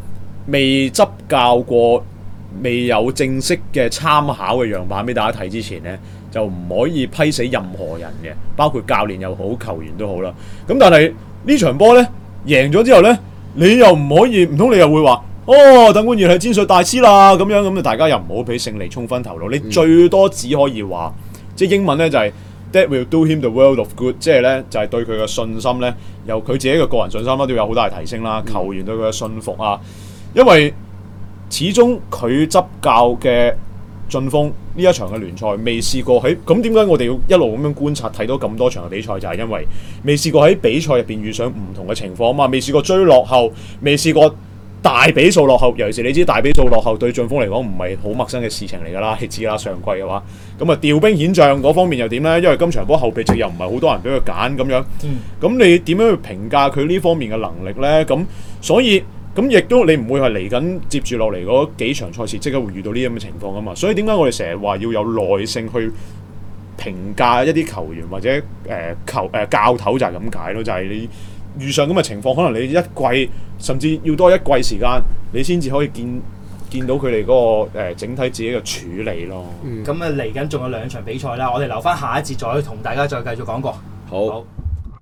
未執教過、未有正式嘅參考嘅樣板俾大家睇之前咧，就唔可以批死任何人嘅，包括教練又好、球員都好啦。咁但係呢場波咧贏咗之後咧，你又唔可以，唔通你又會話哦，鄧冠義係戰術大師啦，咁樣，咁就大家又唔好俾勝利沖昏頭腦，嗯、你最多只可以話，即係英文咧就係、是、That will do him the world of good，即係咧就係、是、對佢嘅信心咧，由佢自己嘅個人信心啦，都有好大提升啦，嗯、球員對佢嘅信服啊。因為始終佢執教嘅晉峰呢一場嘅聯賽未試過喺咁，點解我哋要一路咁樣觀察睇到咁多場嘅比賽，就係因為未試過喺比賽入邊遇上唔同嘅情況啊嘛，未試過追落後，未試過大比數落後。尤其是你知大比數落後對晉峰嚟講唔係好陌生嘅事情嚟噶啦，你知啦上季嘅話咁啊調兵遣將嗰方面又點呢？因為今場波後備席又唔係好多人俾佢揀咁樣，咁你點樣去評價佢呢方面嘅能力呢？咁所以。咁亦都你唔會係嚟緊接住落嚟嗰幾場賽事，即刻會遇到呢啲咁嘅情況啊嘛，所以點解我哋成日話要有耐性去評價一啲球員，或者誒、呃、球誒、呃、教頭就係咁解咯，就係、是、你遇上咁嘅情況，可能你一季甚至要多一季時間，你先至可以見見到佢哋嗰個、呃、整體自己嘅處理咯。嗯，咁啊嚟緊仲有兩場比賽啦，我哋留翻下，下一節再同大家再繼續講過。好。好。